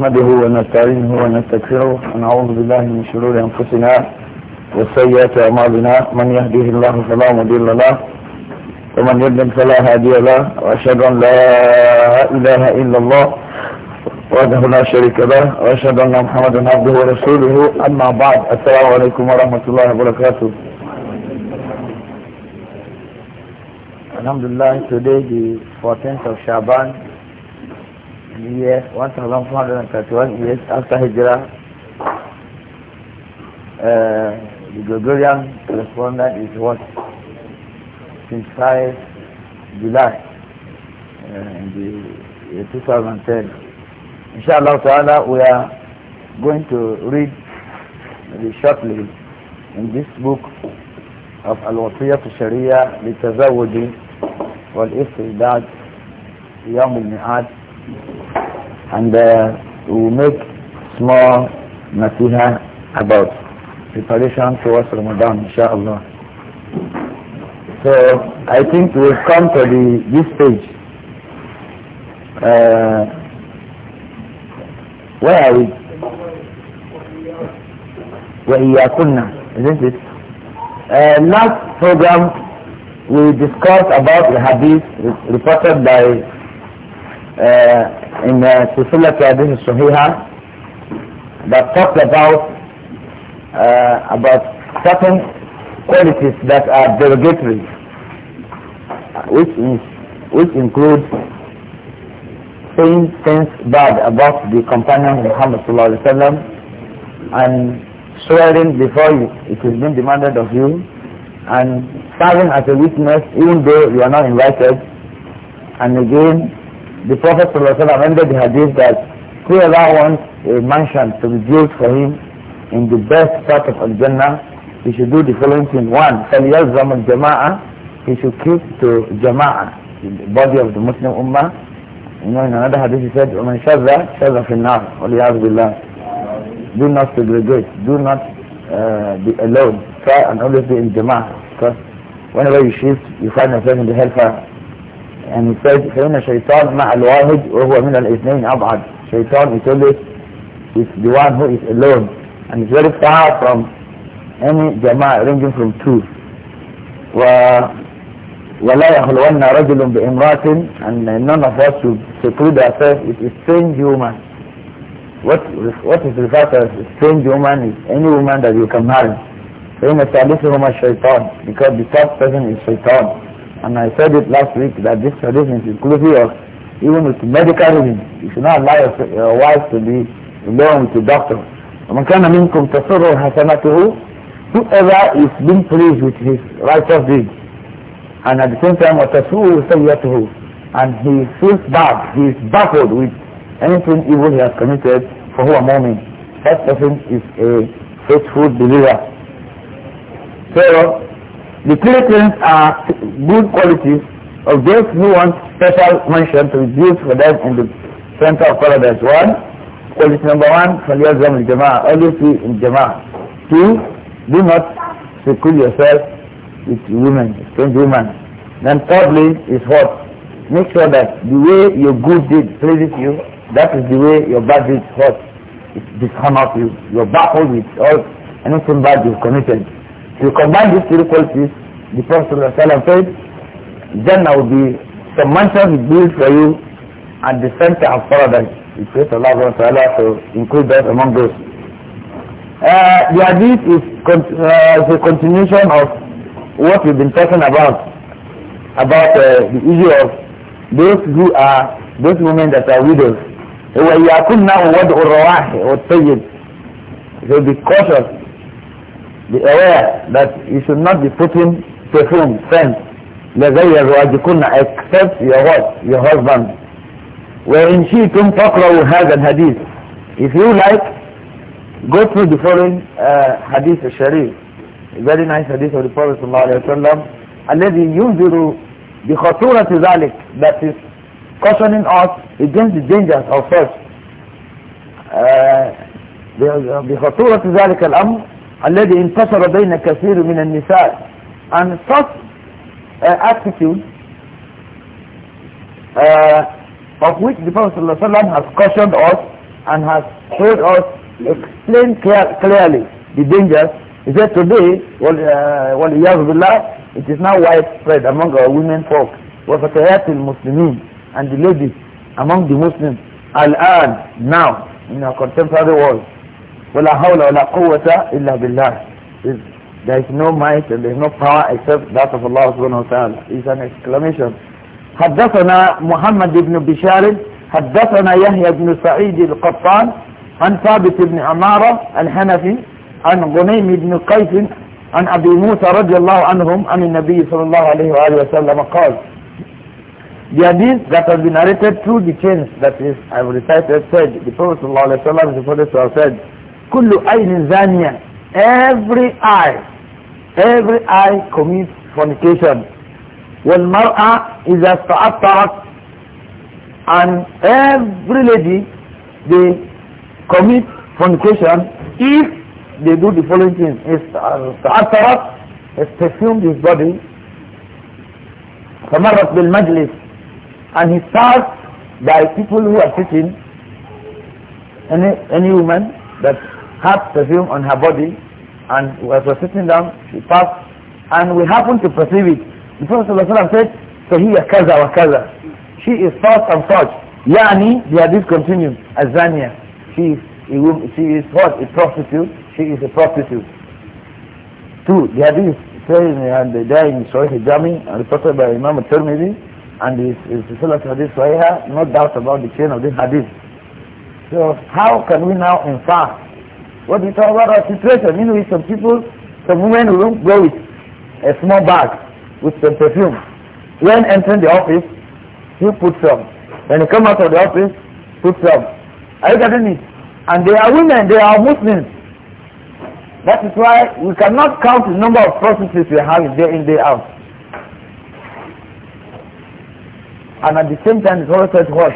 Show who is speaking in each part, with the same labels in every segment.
Speaker 1: نحمده ونستعينه ونستغفره ونعوذ بالله من شرور انفسنا وسيئات اعمالنا من يهده الله فلا مضل له ومن يضلل فلا هادي له واشهد ان لا اله الا الله وحده لا شريك له واشهد ان محمدا عبده ورسوله اما بعد السلام عليكم ورحمه الله وبركاته الحمد لله today the 14th of Shaban years, 1431 years after Hijrah, uh, the Gregorian calendar is what? Since 5 July uh, the, uh, 2010. Inshallah ta'ala, we are going to read shortly in this book of Al-Wasiyat al-Sharia لتزوج والاستعداد يوم الميعاد and uh, we make small nasiha about preparation towards Ramadan, inshallah. So I think we've come to the, this stage. Uh, where are we? وإياكنا isn't it? Uh, last program we discussed about the hadith reported by uh, in the uh, Sisula Hadith Sahiha that talked about uh, about certain qualities that are derogatory, which is which includes saying things bad about the companion Muhammad sallallahu alaihi wasallam and swearing before you, has being demanded of you and serving as a witness even though you are not invited and again the Prophet ended the hadith that whoever wants a mansion to be built for him in the best part of Al-Jannah, he should do the following thing. One, فَلْيَلْزَمُ الْجَمَاعَ He should keep to Jama'ah, the body of the Muslim Ummah. You know, in another hadith he said, وَمَنْ شَذَّ شَذَّ فِي النَّارِ وَلِيَعْذْ Do not segregate. Do not uh, be alone. Try and always be in Jama'ah. Because whenever you shift, you find yourself in the hellfire. يعني السيد فإن الشيطان مع الواحد وهو من الاثنين أبعد شيطان يقول لك is the one who is alone and is very far from any jamaa, ranging from two و ولا يخلون رجل بامرأة and none of us should seclude ourselves it is strange woman what what is referred as strange woman is any woman that you can marry فإن ثالثهما الشيطان because the third person is shaitan and I said it last week that this tradition is inclusive of even with medical reasons. You should not allow your wife to be alone with the doctor. ومن كان منكم تسره who, whoever is being pleased with his righteous deed, and at the same time وتسوء who, and he feels bad, he is baffled with anything evil he has committed for a moment. That person is a faithful believer. So the three things are good qualities of those who want special mention to be built for them in the center of paradise. One, quality number one, فَلْيَزَمْ الْجَمَاعَ Always be in jama'ah. Two, do not seclude yourself with women, strange women. Then thirdly is what? Make sure that the way your good deed pleases you, that is the way your bad deed hurts. It dishonors you. You're baffled with all anything bad you've committed you combine these three qualities, the Prophet said, I will be some mansion built for you and the center of paradise. We pray to Allah Ta'ala to include that among those. Uh, the hadith is, con- uh, is a continuation of what we've been talking about, about uh, the issue of those who are, those women that are widows.
Speaker 2: وَيَكُنَّ وَدْعُ
Speaker 1: So be cautious be aware that you should not be putting perfume, scent, لغير رواجكن except your what? Your husband. وإن شئتم فقرأوا هذا الحديث. If you like, go through the following uh, hadith al-sharif. Very nice hadith of the Prophet sallallahu alayhi wa sallam. الذي ينذر بخطورة ذلك that is cautioning us against the dangers of such. Uh, بخطورة ذلك الأمر الذي انتشر بين كثير من النساء and such uh, attitude uh, of which the Prophet ﷺ has cautioned us and has told us explain clearly the dangers Is that today well, uh, well, it is now widespread among our women folk وفتيات المسلمين and the ladies among the Muslims الآن now in our contemporary world ولا حول ولا قوة إلا بالله there is no might and there is no power except that of Allah subhanahu wa ta'ala It's an exclamation حدثنا محمد بن بشار حدثنا يحيى بن سعيد القطان عن ثابت بن عمارة الحنفي عن غنيم بن قيس عن أبي موسى رضي الله عنهم عن النبي صلى الله عليه وآله وسلم قال The hadith that has been narrated through the chains that is, I've recited said, the Prophet sallallahu alayhi wa sallam reported to have said, kullu ayn zaniya every eye every eye commits fornication wal mar'a idha ta'attarat and every lady they commit fornication if they do the following thing is ta'attarat has perfumed his body فمرت بالمجلس and he starts by people who are sitting any, any woman that had perfume on her body and as we were sitting down she passed and we happened to perceive it the Prophet ﷺ said kaza wa kaza. she is such and such yani the hadith continues azania she is a woman, she is what a prostitute she is a prostitute two the hadith says and the day in Sahih Jami reported by Imam Tirmidhi and his, his Salat Hadith Sahih no doubt about the chain of this hadith so how can we now infer what we talk about our situation. You know, some people, some women will go with a small bag with some perfume. When entering the office, you put some. When you come out of the office, put some. Are you getting it? And they are women, they are Muslims. That is why we cannot count the number of prostitutes we have day in, day out. And at the same time, it's also said what?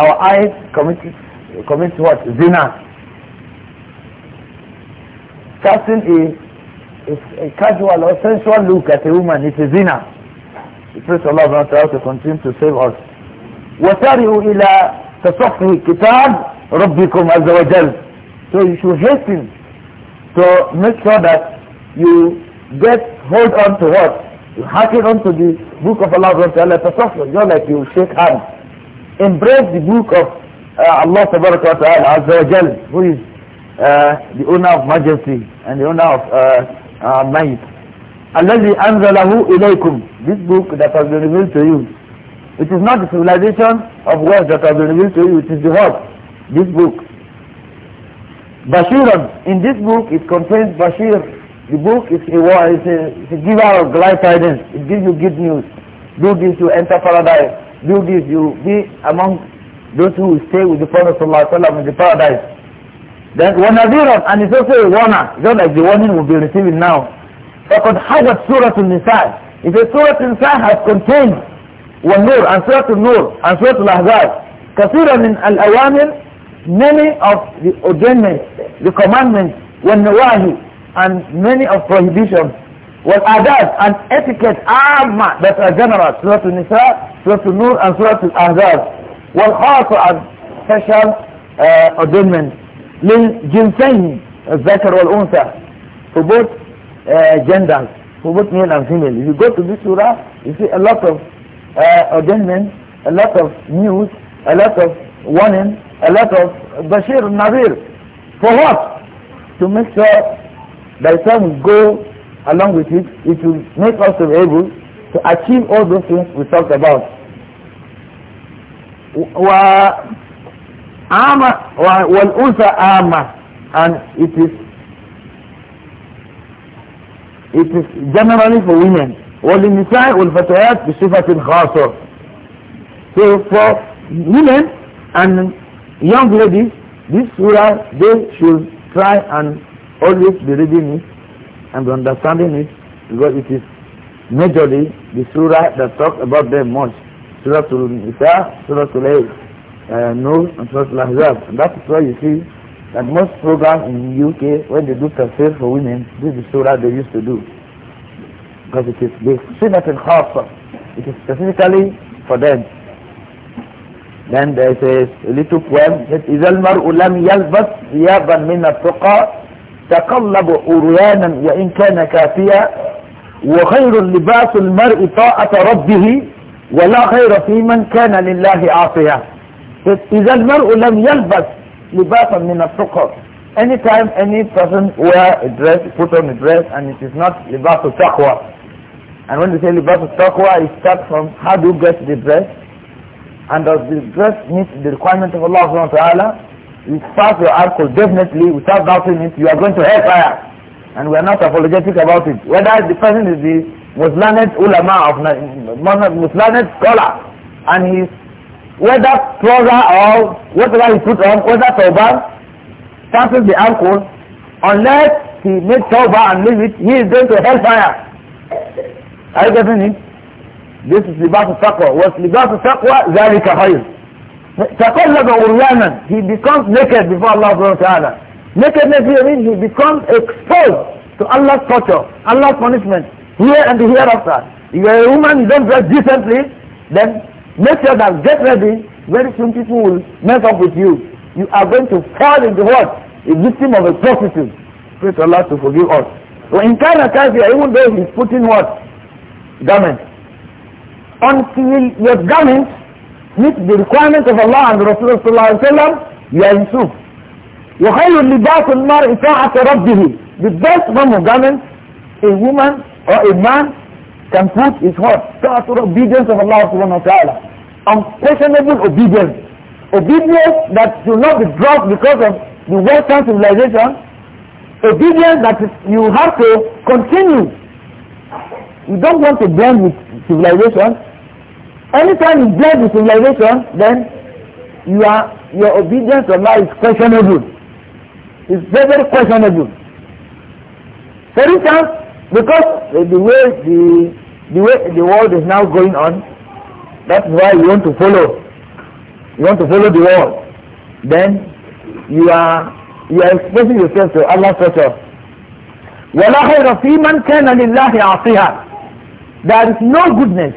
Speaker 1: Our eyes commit, commit what? Zina. Casting a, a, casual or sensual look at a woman It is a zina. We pray to Allah SWT to continue to save us. وَتَرِعُوا إِلَىٰ تصفي كتاب ربكم عز وجل so you should hasten to make sure that you get hold on to what you hearken on to the book of Allah subhanahu wa ta'ala you like you shake hands embrace the book of uh, Allah subhanahu wa ta'ala who is uh, the owner of majesty and the owner of uh, uh, might. الذي أنزله إليكم this book that has been revealed to you it is not the civilization of wealth that has been revealed to you it is the heart. this book Bashiran in this book it contains Bashir the book is a, is a, is a giver of glad tidings it gives you good news do this you enter paradise do this you be among those who stay with the Prophet ﷺ in the paradise then وَنَذِيرًا and it's also a warner, just like the warning we'll be receiving now. فَقَدْ حَوَتْ سُورَةُ النِّسَاءِ if says Surah Nisa has contained والنور and Surah Al-Nur and Surah Al-Ahzab كثيرا من الأوامر many of the ordinance, the commandments والنواهي and many of prohibitions والآداب and etiquette عامة that are general Surah Al-Nisa, Surah Al-Nur and Surah Al-Ahzab also and special uh, ordinances من الذكر والأنثى for both uh, genders for both male and female if you go to this surah you see a lot of uh, a lot of news a lot of warning a lot of Bashir Nazir for what? to make sure that some we go along with it it will make us able to achieve all those things we talked about ama wal unsa armor, and it is it is generally for women وللنساء والفتيات بصفة خاصة so for women and young ladies this surah they should try and always be reading it and understanding it because it is majorly the surah that talks about them much surah al-nisa surah al uh, Nur and Surah al And that is why you see that most programs in the UK, when they do tafsir for women, this is the surah they used to do. Because it is the sunnat al-khasa. It is specifically for them. Then there is a little poem that إِذَا الْمَرْءُ لَمْ يَلْبَسْ ثِيَابًا مِنَ التُّقَى تَقَلَّبُ عُرْيَانًا وَإِنْ كَانَ كَافِيًا وخير اللباس المرء طاعة ربه ولا خير في من كان لله عاصيا that إذا المرء لم يلبس لباسا من السقر anytime any person wear a dress put on a dress and it is not to taqwa and when you say to taqwa it starts from how do you get the dress and does the dress meet the requirement of Allah subhanahu wa ta'ala you pass your article definitely without doubting it you are going to hellfire and we are not apologetic about it whether the person is the Muslim ulama of Muslim scholar and he is whether trouser or whatever he put on, whether tawbah, touches the ankle, unless he makes tawbah and leave it, he is going to hellfire. Are you getting it? This is libas taqwa. What libas taqwa? ذلك خير. تقلب عريانا. He becomes naked before Allah subhanahu wa ta'ala. Nakedness here means he becomes exposed to Allah's torture, Allah's punishment, here and hereafter. If you are a woman, you don't dress decently, then Make sure that get ready. Very soon people will mess up with you. You are going to fall into what? A victim of a prostitute. Pray to Allah to forgive us. So in Kana Kafir, even though he's putting what? Garment. Until your garment meet the requirements of Allah and Rasulullah Sallallahu Alaihi Wasallam, you are in soup. وخير لباس المرء طاعة ربه. The best form of garment, a woman or a man can put what. Total obedience of Allah subhanahu wa ta'ala. Unquestionable obedience. Obedience that should not be dropped because of the Western civilization. Obedience that you have to continue. You don't want to blend with civilization. Anytime you blend with civilization, then you are, your obedience to Allah is questionable. It's very, very questionable. For instance, because the way the the way the world is now going on, that's why you want to follow. You want to follow the world. Then you are you are exposing yourself to Allah pressure. وَلَا خَيْرَ فِي مَنْ كَانَ لِلَّهِ عَصِيهَا There is no goodness.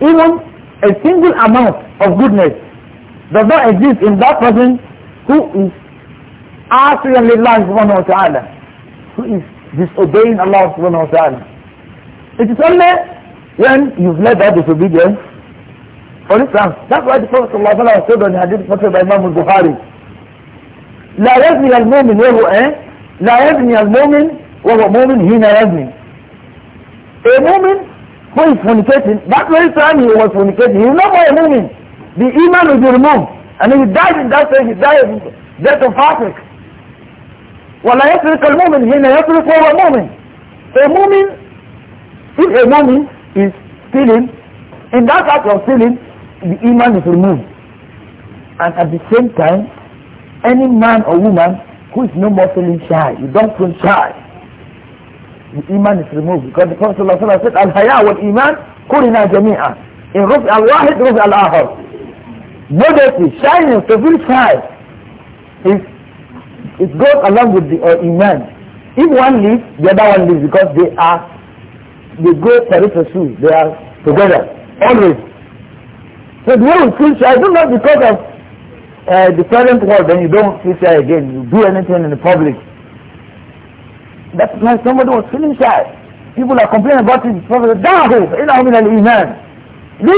Speaker 1: Even a single amount of goodness does not exist in that person who is عَصِيًا لِلَّهِ سبحانه وتعالى who is disobeying Allah subhanahu wa ta'ala. It is only when you've led that disobedience, for instance, that's why the Prophet ﷺ said on the hadith quoted by Imam al-Bukhari, لا يزني المؤمن وهو إيه؟ لا يزني المؤمن وهو مؤمن هنا يزني. A moment who is fornicating, that very time he was fornicating, he is not more a moment. The iman will be removed. And if he died. in that stage, he dies death of heartache. ولا يسرق المؤمن هنا يسرق moment, a moment, if a mu'min is stealing in that act of stealing the iman is removed and at the same time any man or woman who is no more feeling shy you don't feel shy the iman is removed because the Prophet ﷺ said al-haya wal iman kurina jami'a in rufi al-wahid rufi al-ahar modesty shyness to feel shy is it goes along with the uh, Iman. If one leaves, the other one leaves because they are, they go peripheral, they are together, always. So the way we feel shy, don't know because of uh, the present world, then you don't feel shy again. You do anything in the public. That's why somebody was feeling shy. People are complaining about him. Prophet, Leave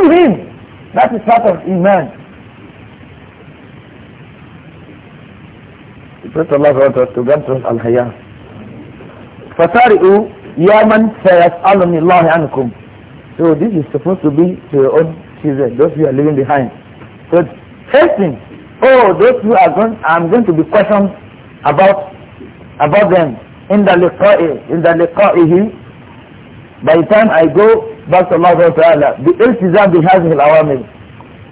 Speaker 1: him. That is part of Iman. The Prophet Allah brought us to al-Hayah. فَسَارِئُوا يَامَنْ سَيَسْأَلُنِ اللَّهِ عَنْكُمْ So this is supposed to be to your own children, those you are leaving behind. So hasten, oh, those who are going, I'm going to be questioned about about them in the liqa'i, in the liqa'ihi. By the time I go back to Allah Ta'ala, the iltizam bi hazihil awamil.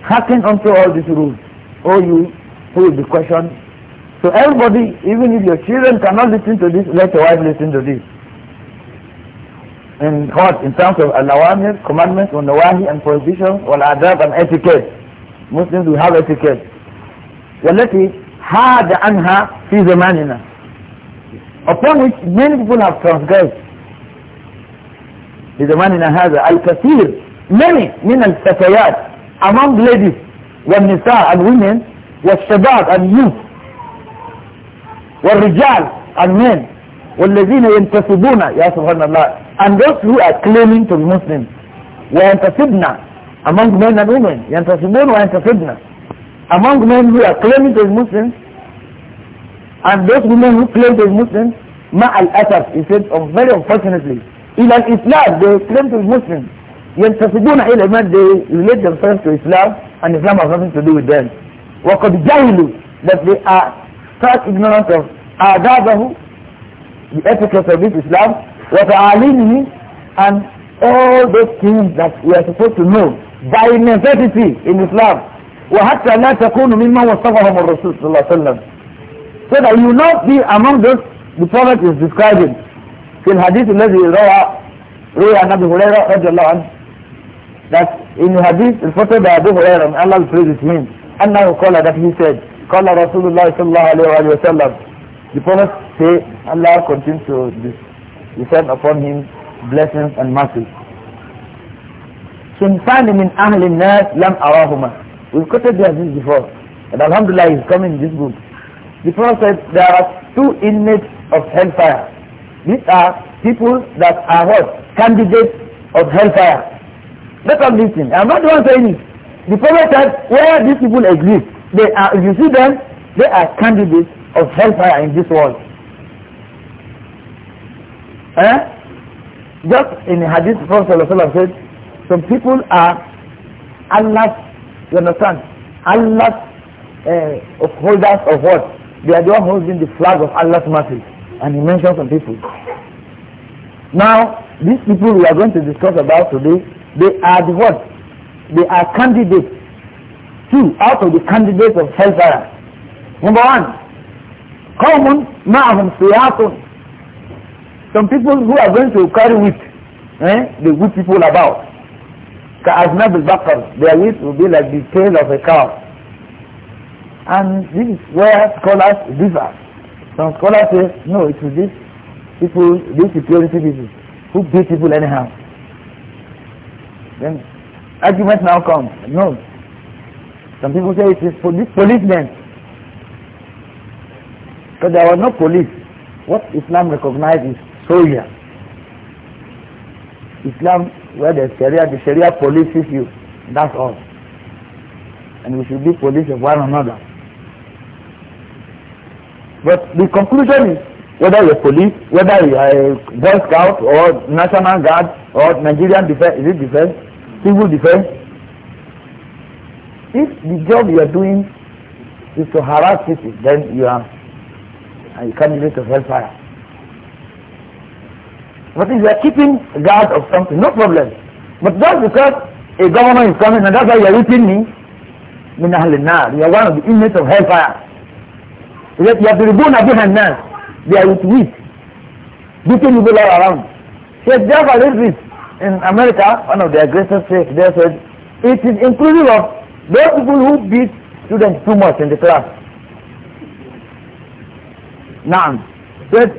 Speaker 1: Hacking onto all these rules. Oh you who will be questioned so everybody, even if your children cannot listen to this, let your wife listen to this. In what? In terms of al-awamir, commandments, wa nawahi and prohibition, wal adab and etiquette. Muslims will have etiquette. والتي had anha في زماننا. Upon which many people have transgressed. في has al الكثير many من fatayat among ladies والنساء and women والشباب and youth والرجال and men والذين ينتسبون يا سبحان الله and those who are claiming to be Muslims وينتسبنا among men and women ينتسبون وينتسبنا among men who are claiming to be Muslims and those women who claim to be Muslims مع الأسف he said oh, very unfortunately إلى الإسلام they claim to be Muslims ينتسبون إلى من they relate themselves to Islam and Islam has nothing to do with them وقد جهلوا that they are such ignorance of adabahu, the etiquette of this Islam, what alimihi, and all those things that we are supposed to know by necessity in Islam. وحتى لا تكونوا مما وصفهم الرسول صلى الله عليه وسلم so that you not be among those the prophet is describing في الحديث الذي روى روى عن ابي هريره رضي الله عنه that in the hadith reported by Abu Hurairah and Allah praise him أنه قال that he said قال رسول الله صلى الله عليه وسلم the Prophet say Allah continues to descend upon him blessings and mercy صنفان من أهل الناس لم أراهما we've quoted this before and alhamdulillah he's coming in this book the Prophet said there are two inmates of hellfire these are people that are what candidates of hellfire let us listen I'm not the one saying it the Prophet said where these people exist they are, if you see them, they are candidates of hellfire in this world. Eh? Just in the hadith, Prophet said, some people are Allah. you understand, Allah's uh, eh, holders of what? They are the one holding the flag of Allah's mercy. And he mentioned some people. Now, these people we are going to discuss about today, they are the what? They are candidates two out of the candidates of hellfire. Number one, common ma'ahum siyatun. Some people who are going to carry with eh, they people about. as al-baqar, their wheat will be like the tail of a cow. And this is where scholars differ. Some scholars say, no, it is these people, these security people, who beat people anyhow. Then argument now comes. No, some people say it is police, policemen. But there was no police. What Islam recognizes is Sharia. Islam, where the Sharia, the Sharia polices you. That's all. And we should be police of one another. But the conclusion is, whether you're police, whether you are a Boy Scout or National Guard or Nigerian Defense, is it defense? Civil defense? If the job you are doing is to harass people, then you are a candidate of hellfire. But if you are keeping guard of something, no problem. But just because a government is coming and that's why you are whipping me, you are one of the inmates of hellfire. You have to again and now. They are with wheat, beating people all around. Sheikh Jafar Idris in America, one of their greatest states, they said, it is inclusive of those people who beat students too much in the class. Now, said,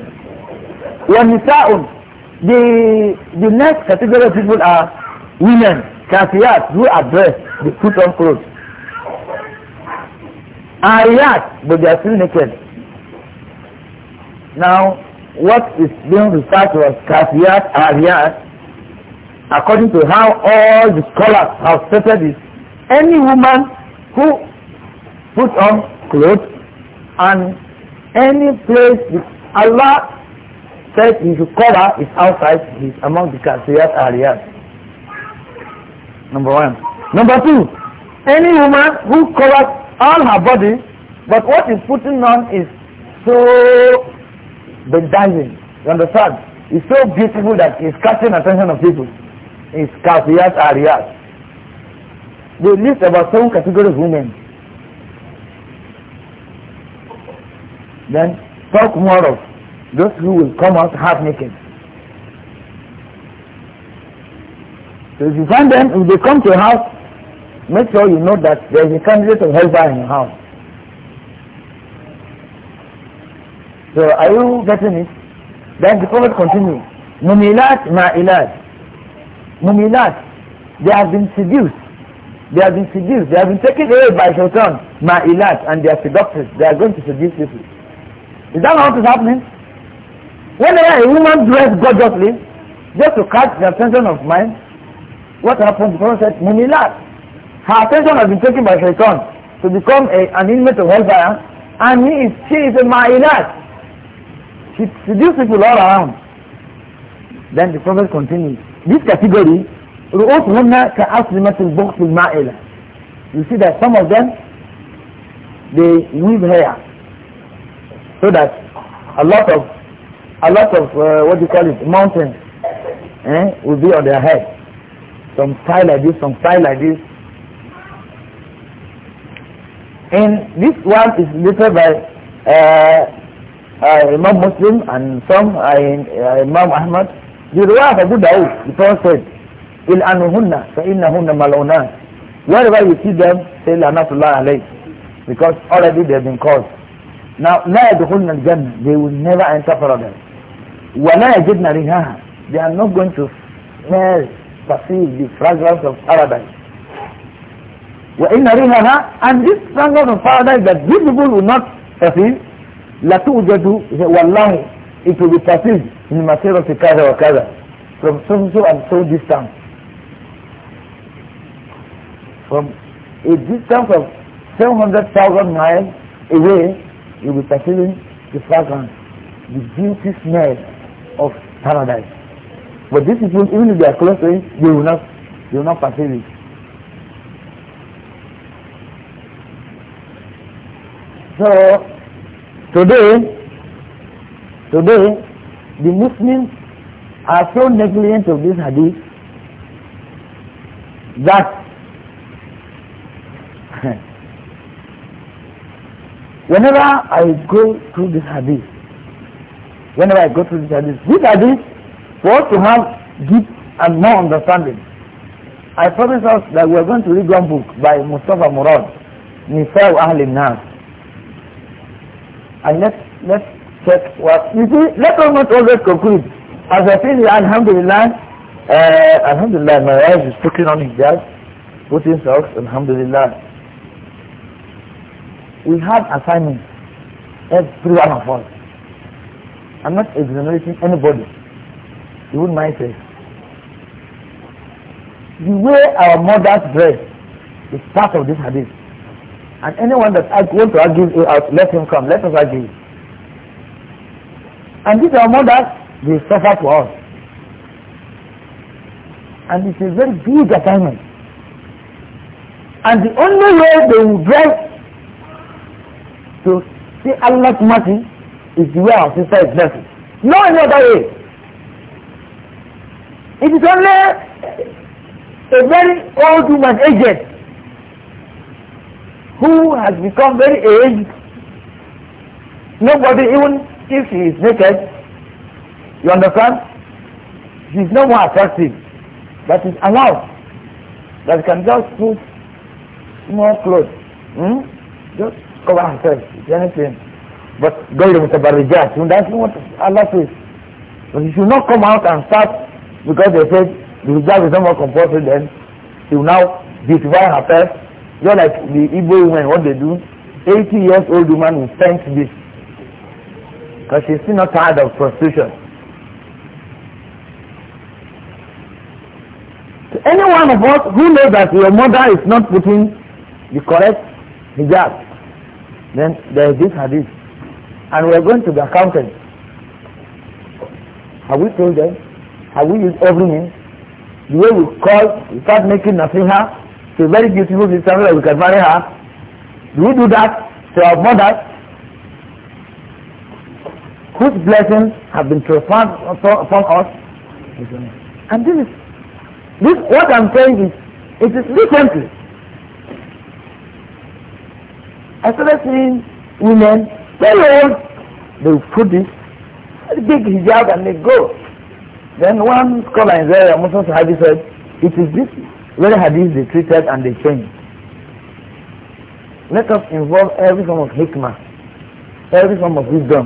Speaker 1: the, the next category of people are women, kafiyat, who are dressed, they put on clothes.
Speaker 2: Ariyat,
Speaker 1: but they are still naked. Now, what is being referred to as kafiyat, ariyat, according to how all the scholars have stated this any woman who put on clothes and any place Allah said he should cover is outside is among the kafiriyat areas. Number one. Number two, any woman who covers all her body but what is putting on is so bedazzling. You understand? It's so beautiful that it's catching attention of people. It's kafiriyat areas they list about seven categories of women. Then talk more of those who will come out half naked. So if you find them, if they come to your house, make sure you know that there is a candidate of hellfire in your house. So are you getting it? Then the Prophet continues. Mumilat ma'ilat. Mumilat. They have been seduced they have been seduced. They have been taken away by shaitan, ma'ilat, and they are seductors. They are going to seduce people. Is that what is happening? Whenever a woman dressed gorgeously, just to catch the attention of men, what happened? The Prophet said, Mumilat. Her attention has been taken by shaitan to become a, an inmate of hellfire, and he is, she is a ma'ilat. She seduces people all around. Then the Prophet continues, this category رؤوسهن كأصلمة البخت المائلة You see that some of them they weave hair so that a lot of a lot of uh, what do you call it mountains eh, will be on their head some style like this some style like this and this one is littered by uh, uh, Imam Muslim and some uh, uh Imam Ahmad the Ruwah a Abu Dawud the Prophet said إلأنهن فإنهن ملعونات wherever you see them say lanatullah alayh because already they have been caused now لا يدخلن الجنة they will never enter paradise ولا يجدن ريحها they are not going to smell perceive the fragrance of paradise وإن ريحها and this fragrance of paradise that these people will not perceive توجد والله it will be perceived in the material of كذا وكذا from so and so distance from a distance of 700,000 miles away, you will be perceiving the fragrance, the beauty smell of paradise. But is people, even if they are close to it, they will not, they will not perceive it. So, today, today, the Muslims are so negligent of this hadith that Whenever I go through this hadith, whenever I go through this hadith, this hadith for us to have deep and more understanding. I promise us that we are going to read one book by Mustafa Murad, Nisa'u Ahli Nas. And let's, let's check what, you see, let us not always conclude. As I say, Alhamdulillah, uh, Alhamdulillah, my wife is putting on his hijab, putting socks, Alhamdulillah. We have assignments, every one of us. I'm not exonerating anybody, even myself. The way our mothers dress is part of this hadith. And anyone that wants to argue out, let him come, let us argue. And these our mothers, they suffer for us. And it's a very big assignment. And the only way they will dress so see Allah's mercy is the way our sister is blessed. No any other way. It is only a very old woman aged who has become very aged. Nobody, even if she is naked, you understand? She is no more attractive. That is allowed. That can just put small clothes. Hmm? Just cover ourselves with anything but غير متبرجات not know what Allah says but if you not come out and start because they said the hijab is not more than then you now beautify herself just like the Igbo women what they do 80 years old woman will thank this because she's still not tired of prostitution to any one of us who knows that your mother is not putting the correct hijab then there is this hadith. And we are going to be accounted. Have we told them? Have we used every means? The way we call, we start making nasiha to a very beautiful sister that we can marry her. Do we do that to our mothers? Whose blessings have been transferred upon us? And this is, this, what I'm saying is, it is differently. I seeing women, very old, they will put this big hijab and they go. Then one scholar in Zaria, Muslim Sahabi said, it is this very hadith they treated and they changed. Let us involve every form of hikmah, every form of wisdom.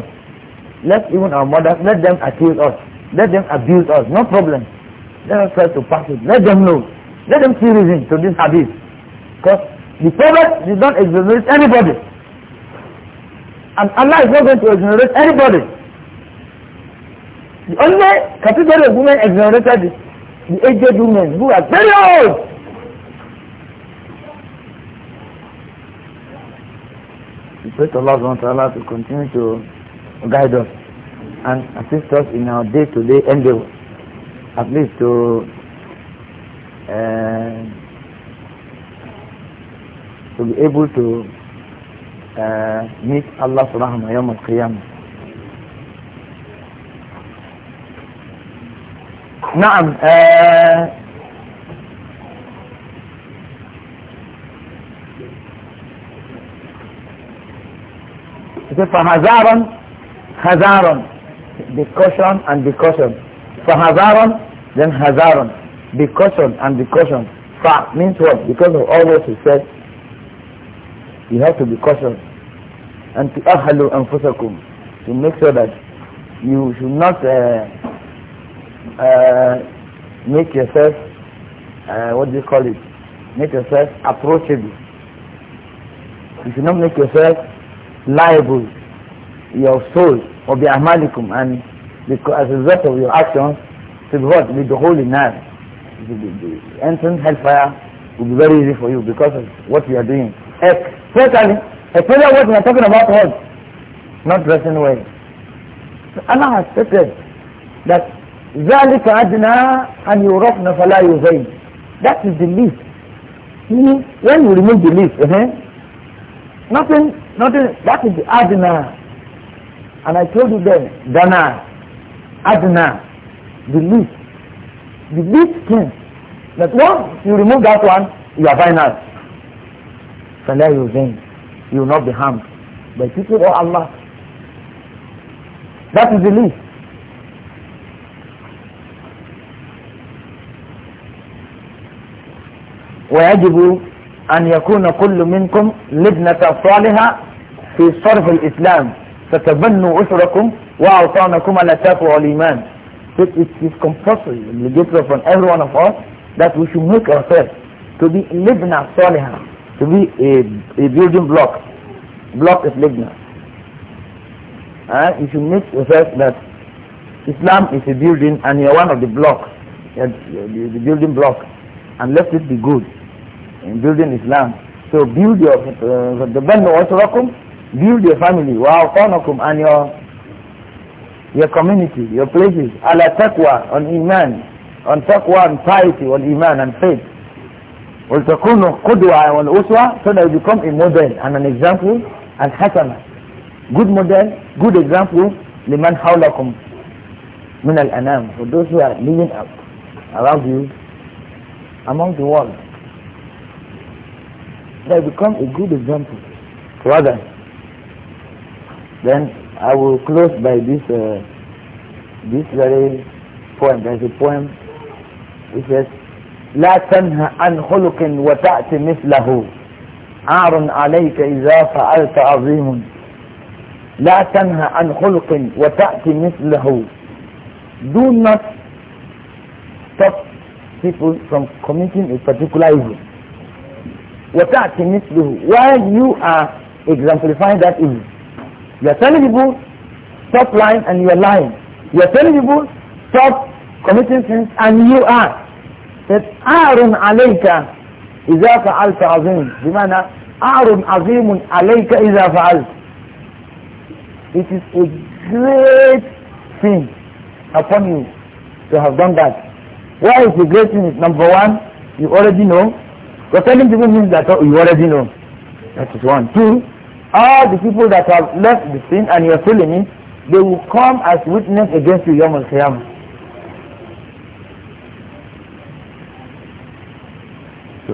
Speaker 1: Let even our mothers, let them accuse us. Let them abuse us, no problem. Let us try to pass it. Let them know. Let them see reason to this hadith. Because The prophet did not exonerate anybody. And Allah is not going to exonerate anybody. The only category of women exonerated is the aged women who are very old. We pray to Allah SWT to continue to guide us and assist us in our day-to-day -day endeavor, at least to uh, to be able to uh, meet Allah subhanahu wa ta'ala qiyamah. نعم آه فهزارا هزارا be caution and be caution فهزارا then هزارا be caution and be caution fa means what because of all what he said you have to be cautious. And to ahalu anfusakum, to make sure that you should not uh, uh, make yourself, uh, what do you call it, make yourself approachable. You should not make yourself liable, your soul, or be amalikum, and because as a result of your actions, to be what? Be the holy night. The entrance hellfire will be very easy for you because of what you are doing. Certainly, a prayer what we are talking about was not dressing well. So Allah has stated that ذَلِكَ أَدْنَا أَنْ يُرَفْنَ فَلَا يُزَيْنِ That is the least. Hmm? when you remove the least, uh eh? -huh, nothing, nothing, that is the adna. And I told you then, dana, adna, the least. The least thing. That once you remove that one, you are final. فلا يزن you not be harmed by people or Allah that is the least ويجب أن يكون كل منكم لبنة صالحة في صرف الإسلام فتبنوا أسركم وأوطانكم على تقوى الإيمان it, it is compulsory legitimate upon every one of us that we should make ourselves to be لبنة صالحة to be a, a building block. Block is legna. And you should make yourself that Islam is a building and you're one of the blocks, the building block. And let it be good in building Islam. So build your, uh, the band wasrakum, build your family, and your your community, your places, ala taqwa on iman, on taqwa and piety, on iman and faith. And القدوة والأسوة so that you become a model and an example and حسنة good model good example لمن حولكم من الأنام for those who are living up around you among the world they become a good example to others then I will close by this uh, this very poem there's a poem which says لا تنهى عن خلق وتأتي مثله عار عليك إذا فعلت عظيم لا تنهى عن خلق وتأتي مثله do not stop people from committing a particular evil وتأتي مثله while you are exemplifying that evil you are telling people stop lying and you are lying you are telling people stop committing sins and you are عار عليك إذا فعلت عظيم بمعنى عار عظيم عليك إذا فعلت It is a great thing upon you to have done that. Why is the great thing Number one, you already know. Because telling people means that oh, you already know. That is one. Two, all the people that have left the sin and you are still in it, they will come as witness against you, Yom Al-Qiyamah.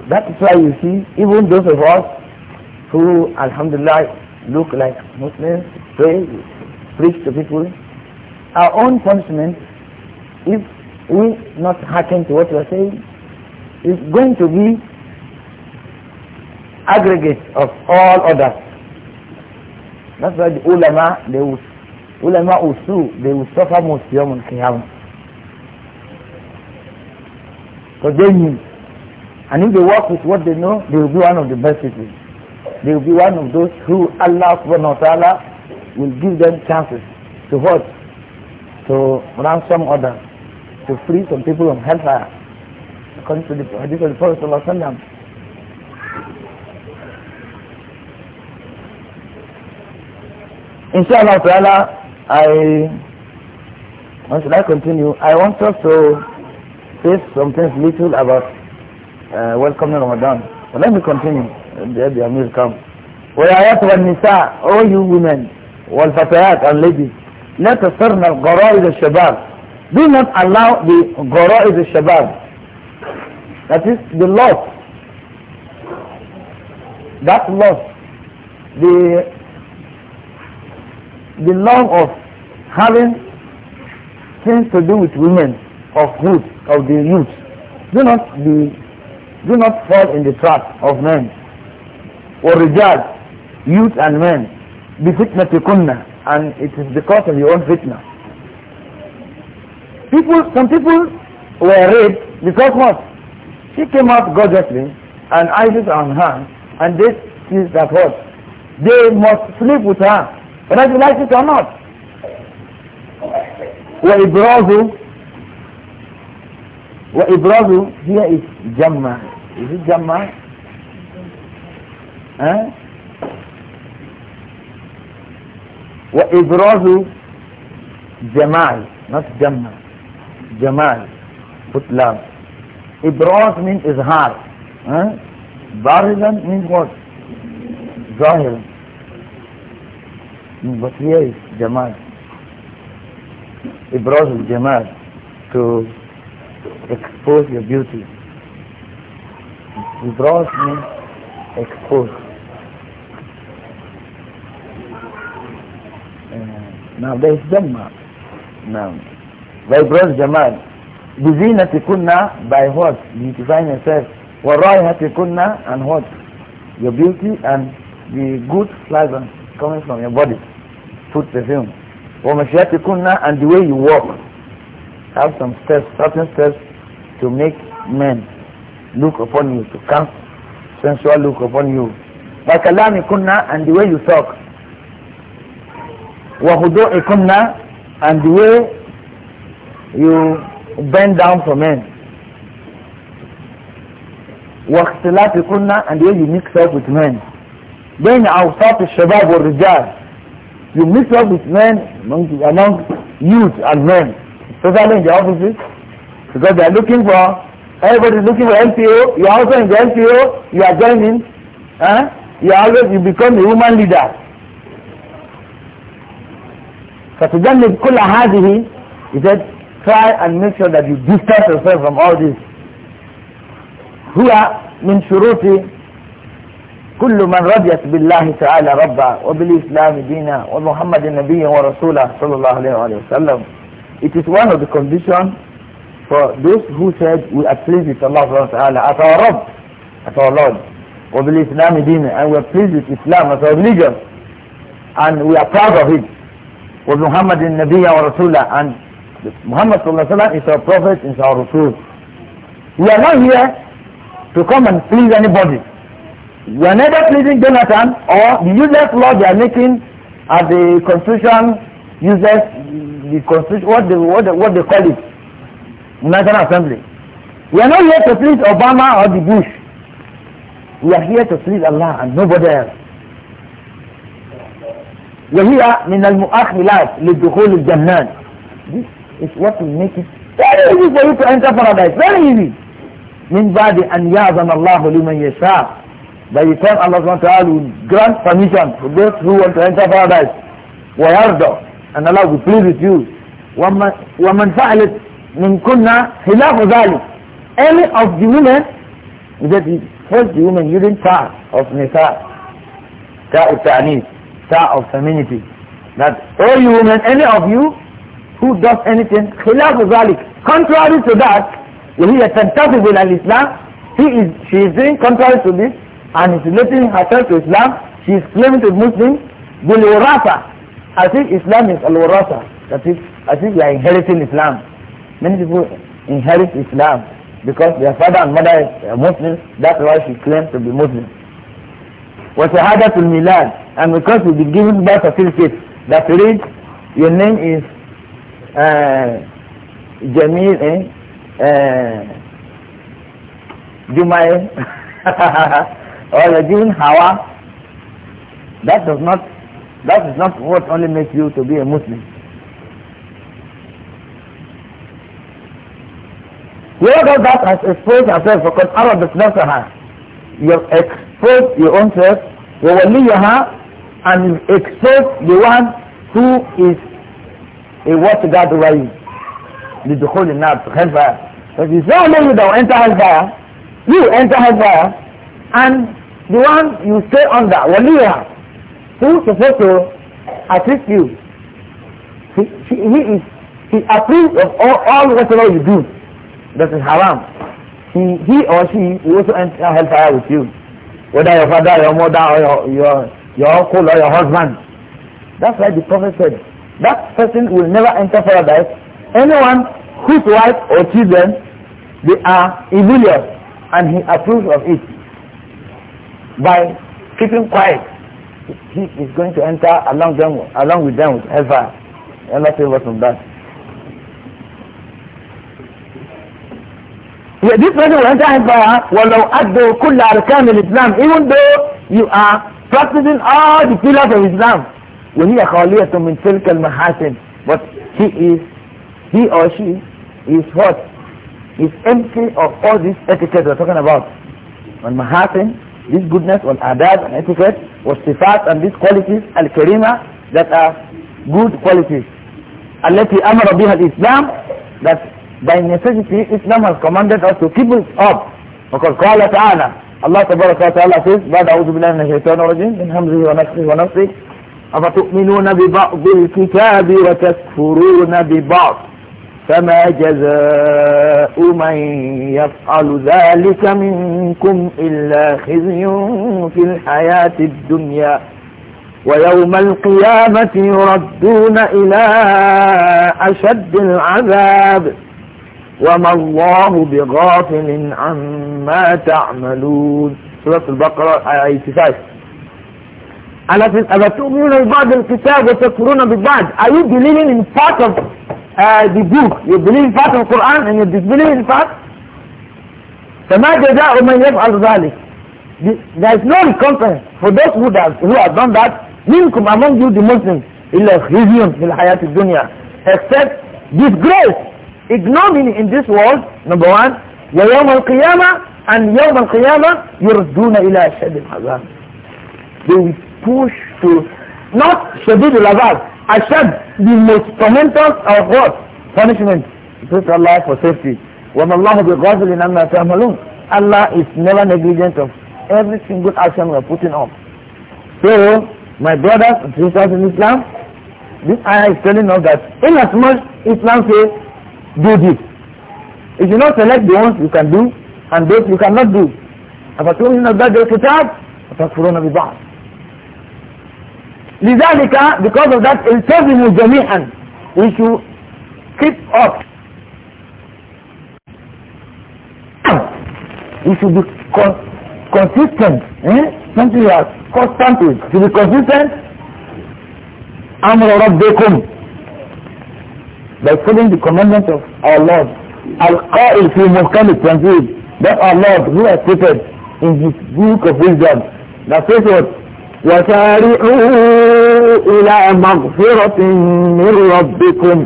Speaker 1: that is why you see even those of us who alhamdulillah look like Muslims, pray, preach to people, our own punishment if we not hearken to what we are saying is going to be aggregate of all others. That's why the ulama they will ulama usu they will suffer most yom al qiyamah. So they and if they work with what they know, they will be one of the best people. They will be one of those who Allah subhanahu wa ta'ala will give them chances to what? To ransom others, to free some people from hellfire. According to the hadith of the Prophet sallallahu alaihi wasallam. Inshallah ta'ala, I, once I continue, I want us to say something little about uh, welcoming Ramadan. So let me continue. Uh, the, Amir come. ويا أيتها nisa, all you women fatayat and ladies لا تصرن al shabab. do not allow the al shabab. that is the loss that loss the the love of having things to do with women of youth of the youth do not be do not fall in the trap of men or regard youth and men بفتنتكن and it is because of your own fitna people some people were raped because what she came out gorgeously and eyes on her and this is that what they must sleep with her whether you like it or not وإبراز وإبراز here is جمع يتجمع ها وإبراز جمال ما تجمع جمال بطلان إبراز من إظهار ها بارزا من وجه ظاهرا من بطلية جمال إبراز الجمال to expose your beauty brought me exposed. Uh, now there is Dhamma. Now, by that Jamal. بزينتكن by what? you define yourself. kunna and what? Your beauty and the good fragrance coming from your body. Put perfume. kunna and the way you walk. Have some steps, certain steps to make men look upon you, to come, sensual look upon you. By kalami kunna and the way you talk. Wa hudu'i kunna and the way you bend down for men. Wa ikhtilafi kunna and the way you mix up with men. Then awsat al-shabab wa rijal. You mix up with men among, among youth and men, especially in the offices, because they are looking for Everybody is looking for MPO. You are also in the MPO. You are joining. Huh? You always you become a woman leader. فتجنب كل هذه he said try and make sure that you distance yourself from all this هو من شروط كل من رضيت بالله تعالى ربا وبالإسلام دينا ومحمد نبيا ورسولا صلى الله عليه وسلم it is one of the conditions for those who said we are pleased with Allah subhanahu wa ta'ala as our Rabb, as our Lord, وبالإسلام دين and we are pleased with Islam as our religion and we are proud of it وبمحمد النبي ورسوله and Muhammad sallallahu alayhi wa is our prophet, is our Rasul. We are not here to come and please anybody. We are neither pleasing Jonathan or the useless law they are making at the constitution uses the constitution what they what they, what they call it National Assembly. We are not here to please Obama or the Bush. We are here to please Allah and nobody else. وهي من المؤهلات لدخول الجنات This is what will make it very easy for you to enter paradise. Very easy. من بعد أن يأذن الله لمن يشاء By the time Allah subhanahu will grant permission to those who want to enter paradise. ويرضى And Allah will please with you. ومن فعلت من كنا خلاف any of the women that is first the women using ta of nisa ta of ta'anis ta of femininity that all oh, you women any of you who does anything خلاف ذلك contrary to that وهي تنتفض إلى Islam, he is, she is doing contrary to this and is relating herself to Islam she is claiming to Muslim بالوراثة as if Islam is al-warathah that is as if you are inheriting Islam Many people inherit Islam because their father and mother are Muslim. That's why she claims to be Muslim. to learn? and because you be given birth certificate that reads your name is uh, Jamil eh? uh, or you're given Hawa that does not that is not what only makes you to be a Muslim Whoever that has exposed herself because Allah does not her, you have exposed your own self, You will leave وَوَلِيَهَا and expose the one who is a water gatherer the Dukhul in Nab, hellfire. But it's not only you that will enter hellfire, you enter hellfire and the one you stay under, وَلِيَهَا who is supposed to assist you. He, he, he is, he approves of all, all whatever you do that is haram he, he or she will also enter hellfire with you whether your father your mother or your, your your uncle or your husband that's why the prophet said that person will never enter paradise anyone whose wife or children they are evilious and he approves of it by keeping quiet he is going to enter along them along with them with hellfire Allah save us from that Yeah, this person will enter hellfire وَلَوْ أَدُّوا كُلَّ أَرْكَانِ Islam, Even though you are practicing all the pillars of Islam. وَهِيَ خَالِيَةٌ مِنْ تِلْكَ الْمَحَاسِنِ But he is, he or she is what? Is empty of all this etiquette we're talking about. And mahasin, this goodness, and adab and etiquette, was sifat and these qualities, al-karima, that are good qualities. التي أمر بها الإسلام that by necessity Islam has commanded us to keep it up وقد قال تعالى الله تبارك وتعالى says بعد أعوذ بالله من الشيطان الرجيم من همزه ونفسه ونفسه أفتؤمنون ببعض الكتاب وتكفرون ببعض فما جزاء من يفعل ذلك منكم إلا خزي في الحياة الدنيا ويوم القيامة يردون إلى أشد العذاب وما الله بغافل عما تعملون سورة البقرة آية 5 ألا تؤمنون ببعض الكتاب وتكفرون ببعض Are you believing in part of uh, the book? You believe in part of the Quran and you disbelieve in part? فما جزاء من يفعل ذلك There is no recompense for those who have, who have done that منكم among you the Muslims إلا خزيون في الحياة الدنيا except disgrace ignominy in this world, number one, وَيَوْمَ الْقِيَامَةِ and يَوْمَ الْقِيَامَةِ يُرْدُونَ إِلَى شَدِ الْعَذَابِ They will push to, not شَدِد الْعَذَابِ said the most tormentous of what? Punishment. Praise Allah for safety. وَمَا بِغَافِلٍ عَمَّا تَعْمَلُونَ Allah is never negligent of every single action we are putting up. So, my brothers and sisters in Islam, this ayah is telling us that in as much Islam says do this. If you not select the ones you can do and those you cannot do. أفتؤمنون ببعض الكتاب وتكفرون ببعض. لذلك because of that التزموا جميعا we should keep up we should be con consistent eh? something you are constant to be consistent أمر ربكم by following the commandments of our Lord. Al-Qa'il fi muhkam al-Tanzil. That our Lord who has stated in this book of wisdom. That says what? وَسَارِعُوا إِلَى مَغْفِرَةٍ مِّن رَبِّكُمْ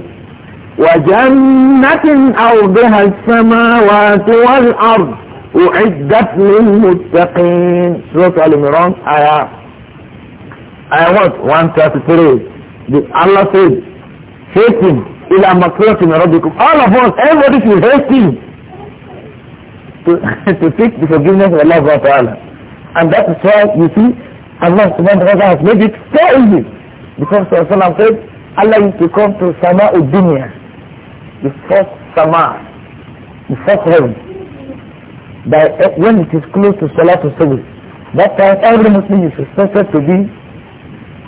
Speaker 1: وَجَنَّةٍ أَرْضِهَا السَّمَاوَاتُ وَالْأَرْضُ أُعِدَّتْ لِلْمُتَّقِينَ Surah Al-Imran, ayah, ayah what? 133. Allah said, Satan إلى مغفرة من ربكم all of us everybody should hasten to, to seek the forgiveness of Allah subhanahu and that is why you see Allah subhanahu wa ta'ala has made it so easy because Rasulullah said Allah is to come to Sama Dunya the first Sama the first heaven by, when it is close to Salatul Subh that time every Muslim is expected to be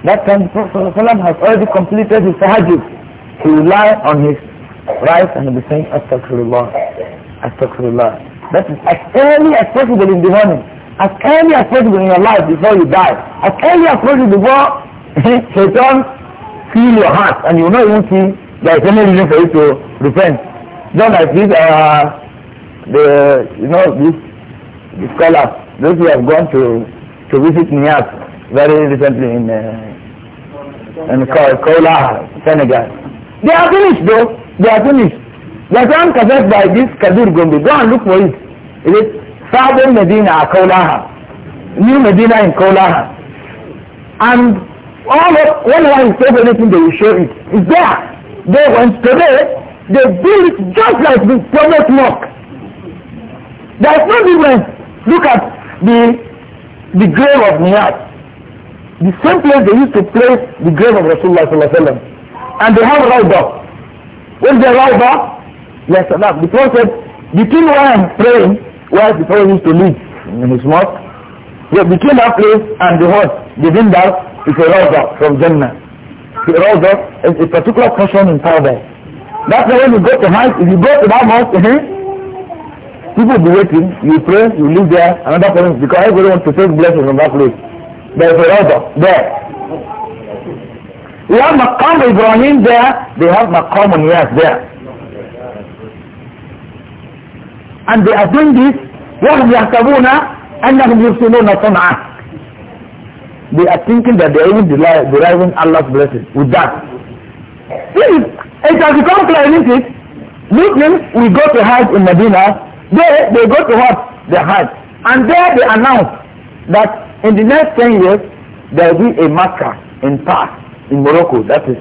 Speaker 1: that time Prophet has already completed his Tahajjud he will lie on his right and he be saying, Astaghfirullah, Astaghfirullah. That is as early as possible in the morning, as early as possible in your life before you die, as early as possible before Satan feel your heart and you will not even see there is any reason for you to repent. Just like this, uh, the, you know, this, this scholar. those who have gone to, to visit Nias very recently in, uh,
Speaker 2: in Kola,
Speaker 1: Senegal. They are finished though. They are finished. The Quran confessed by this kadir Gombe. Go and look for it. It is Southern Medina, Kaulaha. New Medina in Kaulaha. And all of, whenever you save anything, they will show it. It's there. They went today, they build it just like the Prophet Mosque. There is no difference. Look at the the grave of Niyat, The same place they used to place the grave of Rasulullah sallallahu alaihi wasallam and they have rawdah. When they the rawdah? Yes, Allah. The Prophet said, between where I'm praying, where the Prophet used to live in his mosque, yeah, between that place and the horse, the window is a rawdah from Jannah. The rawdah is a particular portion in paradise. That's why when you go to Hajj, if you go to that mosque, uh -huh, people be waiting, you pray, you live there, another person, because everybody want to take blessings from that place. There is a rawdah there. We have Maqam Ibrahim there, they have Maqam Niyaz there. And they are doing this, وَهُمْ يَحْتَبُونَ أَنَّهُمْ يُفْسِنُونَ صُنْعَةً They are thinking that they are even deriving Allah's blessing with that. Please, it has become clear, isn't it? Muslims, we go to Hajj in Medina, There, they go to what? The Hajj. And there they announce that in the next 10 years, there will be a massacre in Paris in Morocco. That is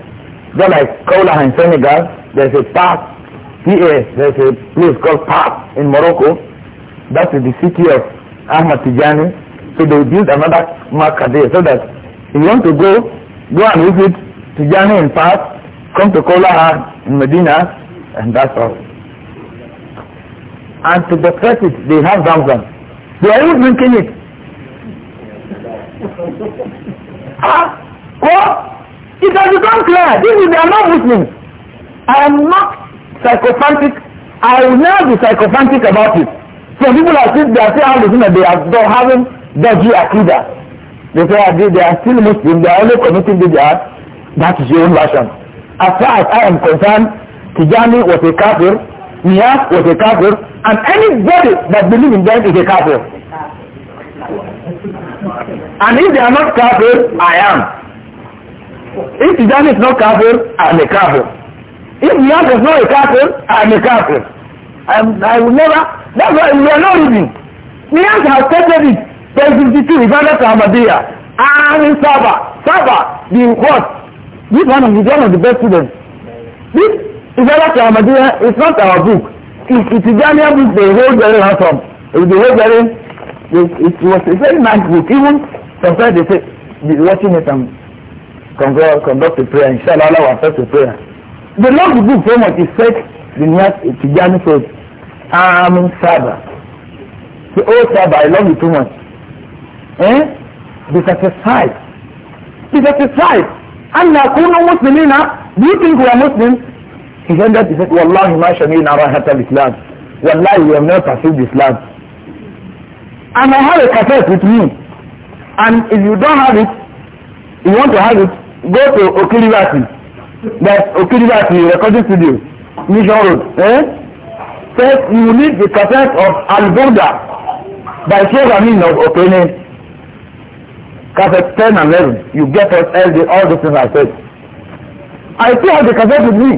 Speaker 1: just like Kaulaha in Senegal. There's a park, PA. There's a place called Park in Morocco. That is the city of Ahmad Tijani. So they built another marker there so that if you want to go, go and visit Tijani in Park, come to Kaulaha in Medina, and that's all. And to the credit, they have Zamzam. They are even drinking it. ah, what? It has become clear. This is, they are not Muslims. I am not psychopathic. I will not be psychopathic about it. Some people are still, they are still having, they are still having dodgy akida. They say ah, they, they are still Muslims. They are only committing the bid'ah. That is your own version. As far as I am concerned, Tijani was a kafir, Niyaz was a kafir, and anybody that believes in them is a kafir. And if they are not kafir, I am. If Tijani is not kafir, I'm a kafir. If Niyaz is not a kafir, I a kafir. I, I will never, that's why we are not reading. Niyaz has stated it, page 52, Ibadat to Ahmadiyya. I'm in Saba. Saba, the what? This one is one of the best students. This Ibadat to Ahmadiyya is not our book. It's the Tijani book the whole very handsome. the whole very, it, it was a very nice book. Even sometimes they say, watching it, I'm conduct the prayer inshallah allah will accept the prayer the lord will do so much he said the next tijani says I'm saba say oh saba i love you too much eh be satisfied be satisfied anna kunu muslimina do you think we are Muslim? he said that he said wallahi ma shamina rahat al-islam wallahi we have not pursued islam and i have a cassette with me and if you don't have it you want to have it go to okiribati that okiribati recording studio mission road eh first you need the cassette of alburda by sheikh amin of okene cassette ten and eleven you get us all the all the things i said i still have the cassette with me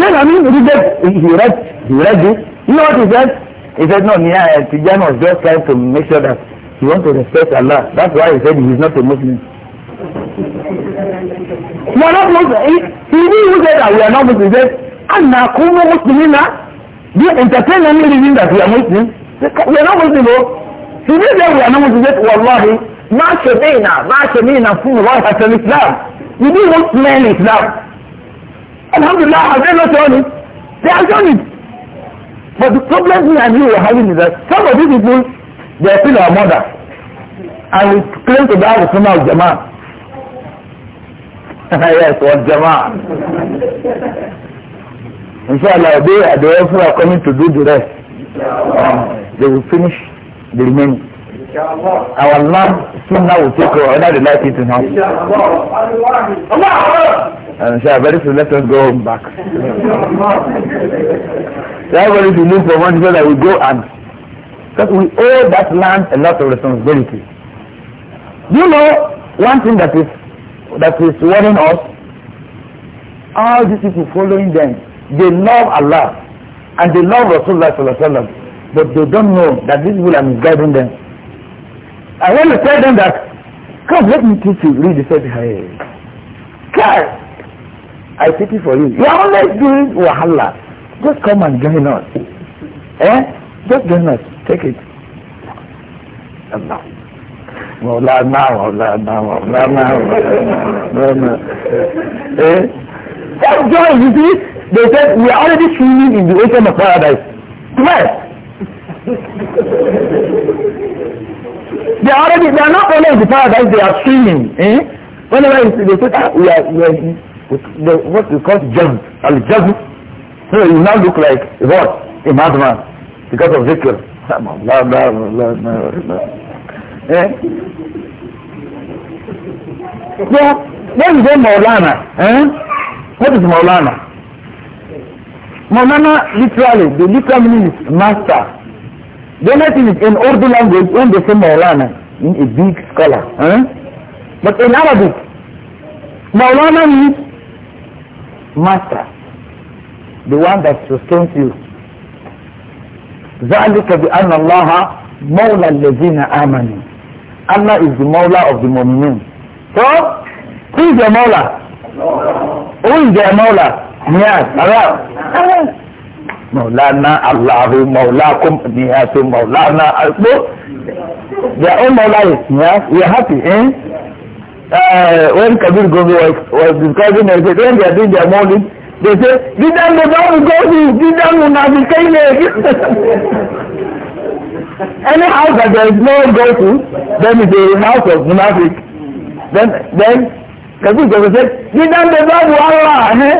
Speaker 1: sheikh amin read it he read he read it you know what he said he said no nia tijan was just trying to make sure that he want to respect allah that's why he said he is not a muslim.
Speaker 2: We are not Muslims.
Speaker 1: He knew that we are not Muslims. And now, come on, Muslims now. Do you entertain any reason that we are Muslims? We are not Muslims, though. He knew that we are not Muslims. Wallahi, ما شبينا ما شبينا في الله في الإسلام. We do not men Islam. Alhamdulillah, have they not done it? They have done it. But the problem we and you are having is that some of these people, they are still our mother. And we claim to be our Sunnah of Jama'ah. yes what Jama. inshallah they are the ones who are coming to do the rest um, they will finish the remaining
Speaker 2: our
Speaker 1: love soon now will take over another life into now and so very soon let us go home back so everybody to look for one so that we go and because we owe that land a lot of responsibility you know one thing that is that is warning us, all these people following them, they love Allah and they love Rasulullah sallallahu but they don't know that this will are guiding them. I want to tell them that, come let me teach you, read the Fatiha. God, I pity for you. You are always doing wahala. Just come and join us. Eh? Just join us. Take it. Allah. No, Mọ̀lánà mọ̀lánà mọ̀lánà mọ̀lánà. Eh? That why you see, they said we are already swimming in the ocean of paradise. Where? they are already, they are not only in the paradise, they are swimming. Eh? Whenever they said ah, we are, we are the, what we call jazz, al jazz. So you now look like what? A madman because of zikr. Allah, Allah, Allah, Allah, Allah eh yeah what is maulana eh what is maulana maulana literally the literal meaning is master the only thing is in urdu language when they say maulana in a big scholar eh but in arabic maulana means master the one that sustains you ذلك بأن الله مولى الذين آمنوا Allah is the Mawla of the Mu'minun. So, who is their Mawla?
Speaker 2: Who
Speaker 1: is their Mawla? Yes, Allah. Mawlana Allahu Mawlakum Niyatu Mawlana Albu. Their own Mawla is Niyat. We are happy, eh? Uh, when Kabir Gobi was, was discussing, they said, when they are doing their morning, they say, Didan Nabamu Gobi, Didan Nabi Kaine. Any house that there is no go to, then it is a house of magic. Then, then, Kabir Kabir said, Gidan Bebabu Allah, eh?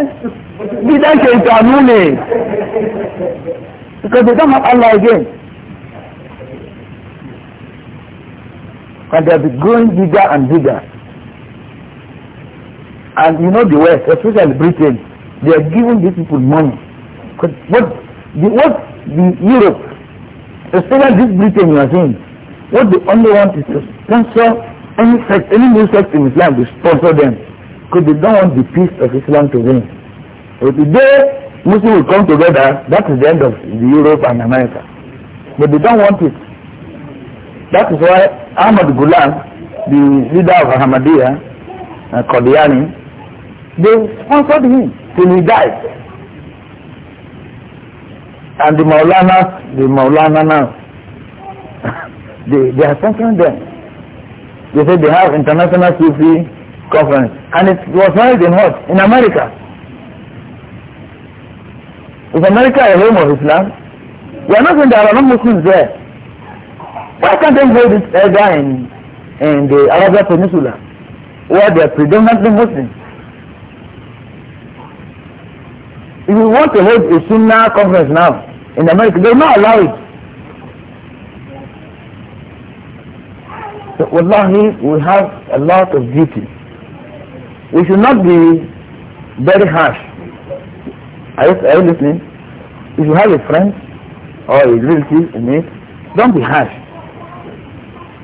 Speaker 1: Gidan Kaitanuni. Because they don't have Allah again. And they'll be growing bigger and bigger. And you know the West, especially Britain, they are giving these people money. Because what the, what the Europe especially this britain you are what they only want is to sponsor any sect any new sect in islam to sponsor them because they don't want the peace of islam to win. but today muslims will come together that is the end of the europe and america but they don't want it that is why ahmad gulam the leader of ahmadiyya uh, Kodiani, they sponsored him till he died and the Maulana, the Maulana now, they, they are sponsoring them. They say they have international Sufi conference. And it was held in what? In America. Is America a home of Islam? We are not saying there are no Muslims there. Why can't they hold uh, this elder in, in the Arabian Peninsula where they are predominantly Muslims? if you want to hold a Sunnah conference now in America, they will not allow it. So, wallahi, we have a lot of duty. We should not be very harsh. Are you, are you listening? If you have a friend or a relative, mate, don't be harsh.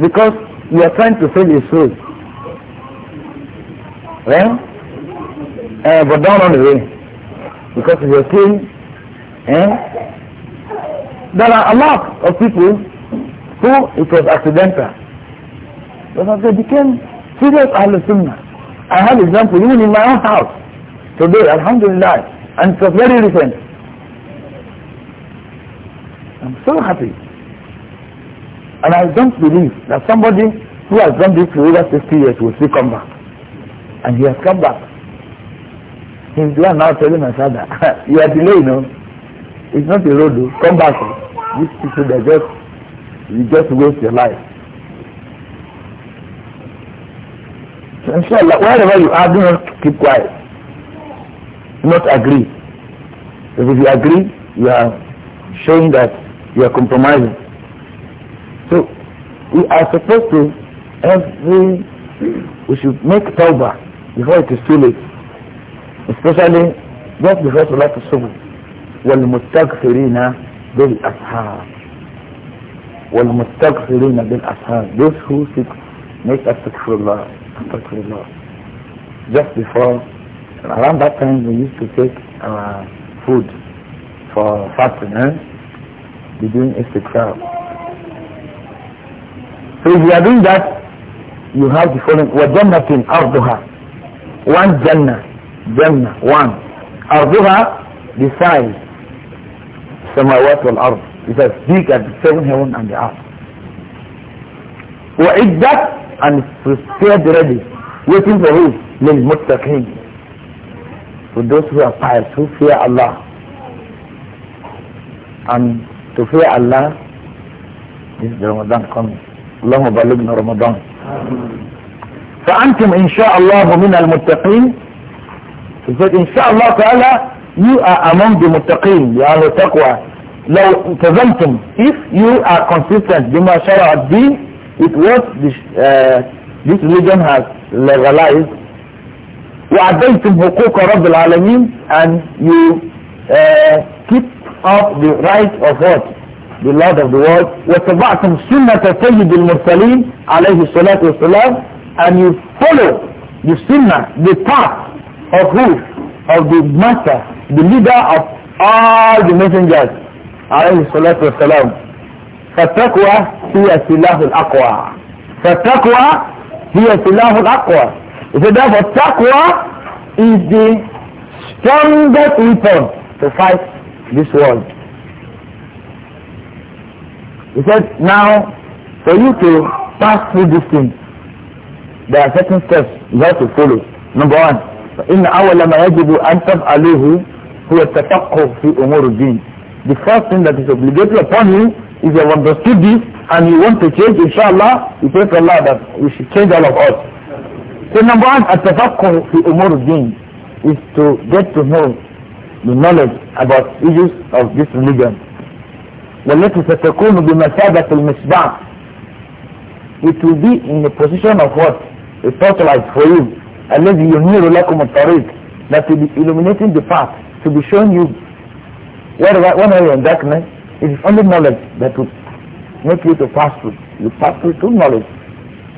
Speaker 1: Because you are trying to save his soul. Well, uh, eh, but down on the way. because of your sin. Eh? There are a lot of people who it was accidental. But they became serious Ahlul I have example even in my own house today, Alhamdulillah, and it was very recent. I'm so happy. And I don't believe that somebody who has done this for over 60 years will still come back. And he has come back. you are now telling my father, you are delaying. no? It's not the road, though. come back. Oh. These people, they just, you just waste your life. So inshallah, wherever you are, do not keep quiet. Do not agree. Because if you agree, you are showing that you are compromising. So, we are supposed to, every, we should make tawbah before it is too late especially just before Salat al-Subuh وَالْمُتَّغْفِرِينَ بِالْأَصْحَابِ وَالْمُتَّغْفِرِينَ بِالْأَصْحَابِ those who seek make astaghfirullah astaghfirullah just before around that time we used to take our food for fasting eh? be doing istighfar so if you are doing that you have the following وَجَنَّةٍ أَرْضُهَا one jannah جنة وان أرضها بسائل السماوات والأرض إذا سبيك أبتسون هون عن الأرض وعدت عن فرسياد ردي يتم ذهوب للمتقين ودوس هو الطائر توفي الله أن توفي الله جزء رمضان قم اللهم بلغنا رمضان فأنتم إن شاء الله من المتقين But inshallah ta'ala, you are among the muttaqeen, the are taqwa. لو تزمتم if you are consistent بما شرع الدين with what this, uh, this religion has legalized وعديتم حقوق رب العالمين and you uh, keep up the right of what the Lord of the world وتبعتم سنة سيد المرسلين عليه الصلاة والسلام and you follow the sunnah the path of who? Of the master, the leader of all the messengers. عليه الصلاة والسلام فالتقوى هي سلاح الأقوى فالتقوى هي سلاح He said ده التقوى is the strongest weapon to fight this world. He said, now, for you to pass through this thing, there are certain steps you have to follow. Number one, فإن أول ما يجب أن تفعلوه هو التفقه في أمور الدين the first thing that is obligatory upon you is you have understood this and you want to change inshallah you pray to Allah that we should change all of us so number one التفقه في أمور الدين is to get to know the knowledge about issues of this religion والتي ستكون بمثابة المصباح it will be in the position of what? a torchlight for you الذي ينير لكم الطريق that will be illuminating the path to be showing you where when are you in darkness it is only knowledge that will make you to pass through you pass through through knowledge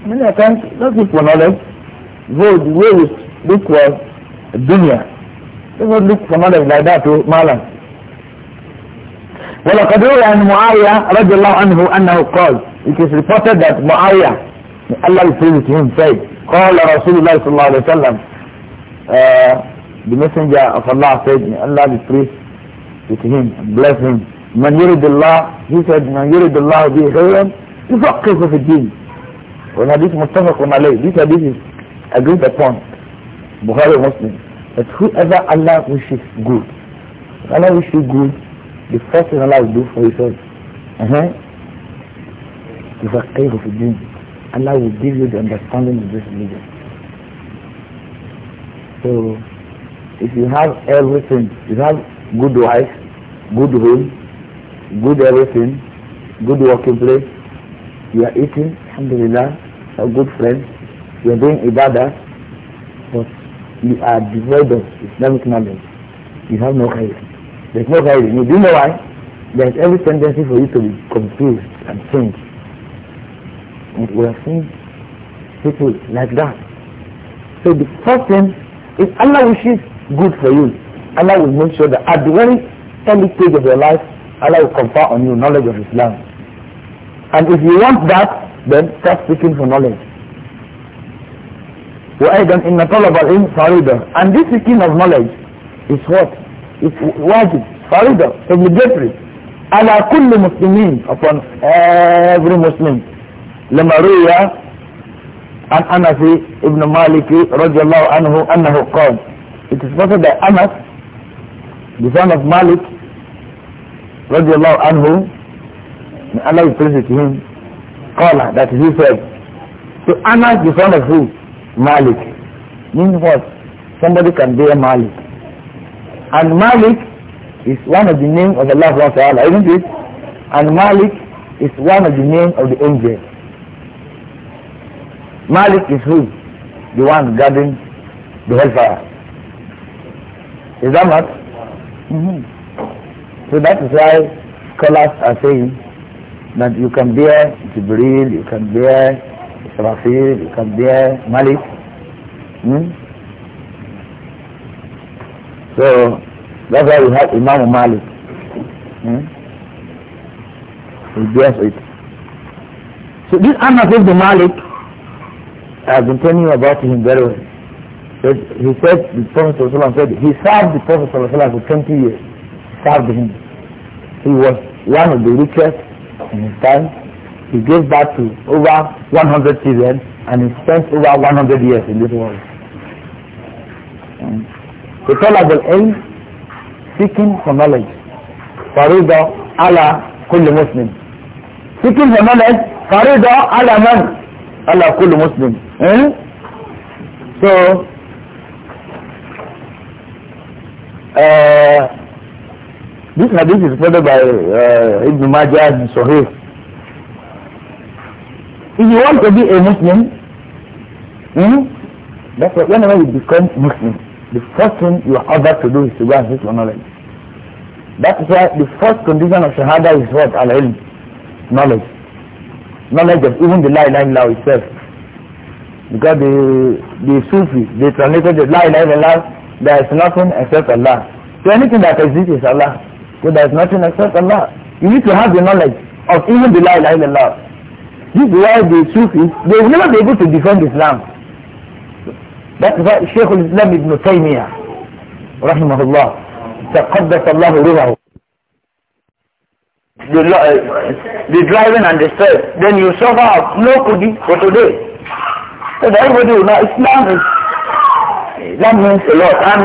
Speaker 1: many a times not look for knowledge go the way you look for dunya don't look for knowledge like that to oh, malam ولقد روي عن معاوية رضي الله عنه أنه قال it is reported that معاوية Allah is pleased him said قال رسول الله صلى الله عليه وسلم the messenger of Allah said Allah be pleased with him and bless him من يرد الله he said من يرد الله به خيرا يفقه في الدين والحديث متفق عليه this hadith is agreed upon Bukhari Muslim that whoever Allah wishes good if Allah wishes good the first thing Allah will do for his soul uh -huh. يفقه في الدين Allah will give you the understanding of this religion. So, if you have everything, you have good wife, good home, good everything, good working place, you are eating, alhamdulillah, a good friend, you are doing ibadah, but you are devoid of Islamic knowledge. You have no khair. There's no khair. You do know why? There's every tendency for you to be confused and changed. And we are seeing people like that. So the first thing is Allah wishes good for you. Allah will make sure that at the very early stage of your life, Allah will confer on you knowledge of Islam. And if you want that, then start seeking for knowledge. وأيضا إن طلب العلم فريضة and this seeking of knowledge is what? It's واجب فريضة obligatory على كل مسلمين upon every Muslim لما روي عن أنس ابن مالك رضي الله عنه أنه قال it is reported that Anas the son of Malik رضي الله عنه may Allah is pleased to him قال that he said to Anas the son of who? Malik means what? somebody can be a Malik and Malik is one of the names of Allah subhanahu wa ta'ala isn't it? and Malik is one of the names of the angels Malik is who? The one guarding the hellfire. Is that not? Mm -hmm. So that is why scholars are saying that you can bear Jibril, you can bear Israfil, you can bear Malik. Hmm? So that's why we have Imam Malik. Hmm? He bears it. So this Anas the Malik I've been telling you about him very well. He said, the Prophet ﷺ said, he served the Prophet ﷺ for 20 years. He served him. He was one of the richest in his time. He gave birth to over 100 children and he spent over 100 years in this world. The طلب العلم seeking for knowledge فريضة على كل Muslim. seeking for knowledge فريضة على Allah على كل Muslim. Eh? So, uh, this hadith is reported by uh, Ibn Majah and Sahih. If you want to be a Muslim, hmm, that's why whenever you become Muslim, the first thing you are ordered to do is to go and seek knowledge. That is why the first condition of Shahada is what? Al-ilm. Knowledge. Knowledge of even the La ilaha itself because the the Sufi they translated the La ilaha illallah there is nothing except Allah. So anything that exists is Allah. So there is nothing except Allah. You need to have the knowledge of even the La ilaha illallah. This is why the Sufis they will never be able to defend Islam. That's why Shaykh islam ibn Taymiyyah rahimahullah تقدس الله روحه the, uh, the driving and the stress then you suffer no kudi for today so that everybody will know Islam is, that means a lot. And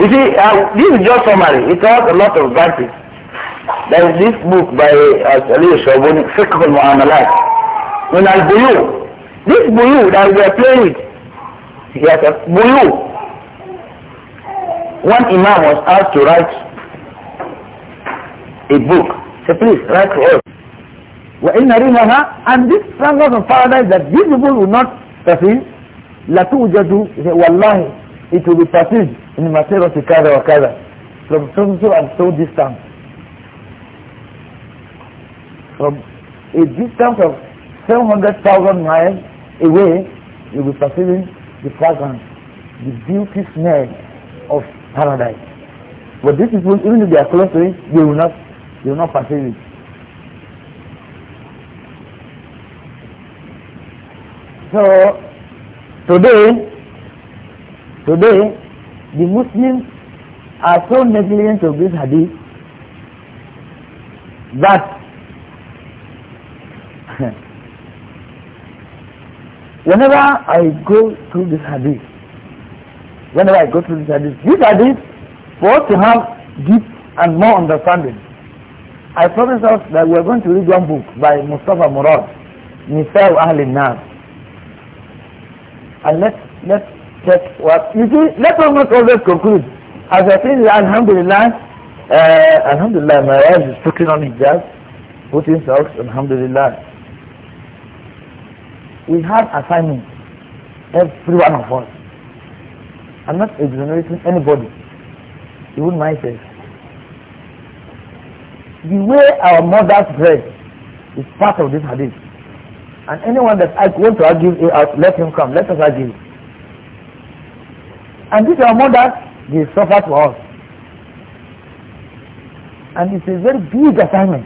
Speaker 1: you see, uh, this is just summary. It has a lot of branches. There is this book by uh, Ali Shabuni, Fiqh al-Mu'amalat. When I buyu this Buyu that we are playing with, he has a Buyu. One Imam was asked to write a book. Say, please, write to us. وَإِنَّ رِمَهَا And this promise of paradise that these people will not تستفي لا توجد والله it will be perceived in masirati kada wa kada from so and so distance from a distance of 700,000 miles away you will be perceiving the fragrance the beauty smell of paradise but these people even if they are close to it they will not they will not perceive it So today, today the Muslims are so negligent of this hadith that whenever I go through this hadith, whenever I go through this hadith, this hadith for us to have deep and more understanding. I promise us that we are going to read one book by Mustafa Murad, Nisa'u Ahlin Nas. And let's, let's check what, you see, let us not always conclude. As I think, Alhamdulillah, uh, Alhamdulillah, my wife is putting on hijab, putting socks, Alhamdulillah. We have assignment, every one of us. I'm not exonerating anybody, even myself. The way our mothers dress is part of this hadith. And anyone that I want to argue it eh, out, let him come. Let us argue. And these are mothers, they suffer for us. And it's a very big assignment.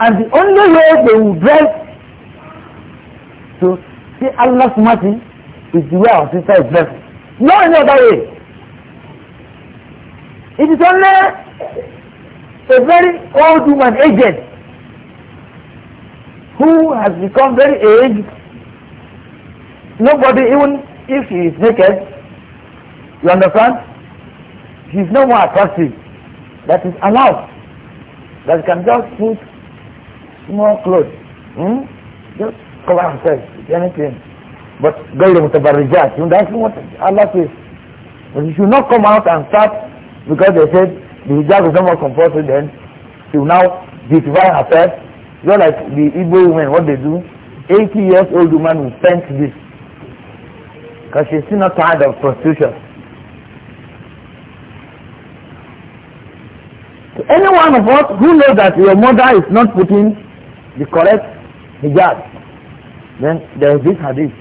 Speaker 1: And the only way they will dress to see Allah mercy is the way our sister is blessed. No any other way. It is only a very old woman, aged, who has become very aged, nobody, even if he is naked, you understand, he is no more attractive. That is allowed. That can just put small clothes, hmm? just cover himself with anything. But غير متبرجات, you that's what Allah says. But you should not come out and start because they said the hijab is no more compulsory then. She will now beautify herself just like the Igbo women, what they do, 80 years old woman will paint this. Because she's still not tired of prostitution. So any one of us who know that your mother is not putting the correct hijab, then there is this hadith.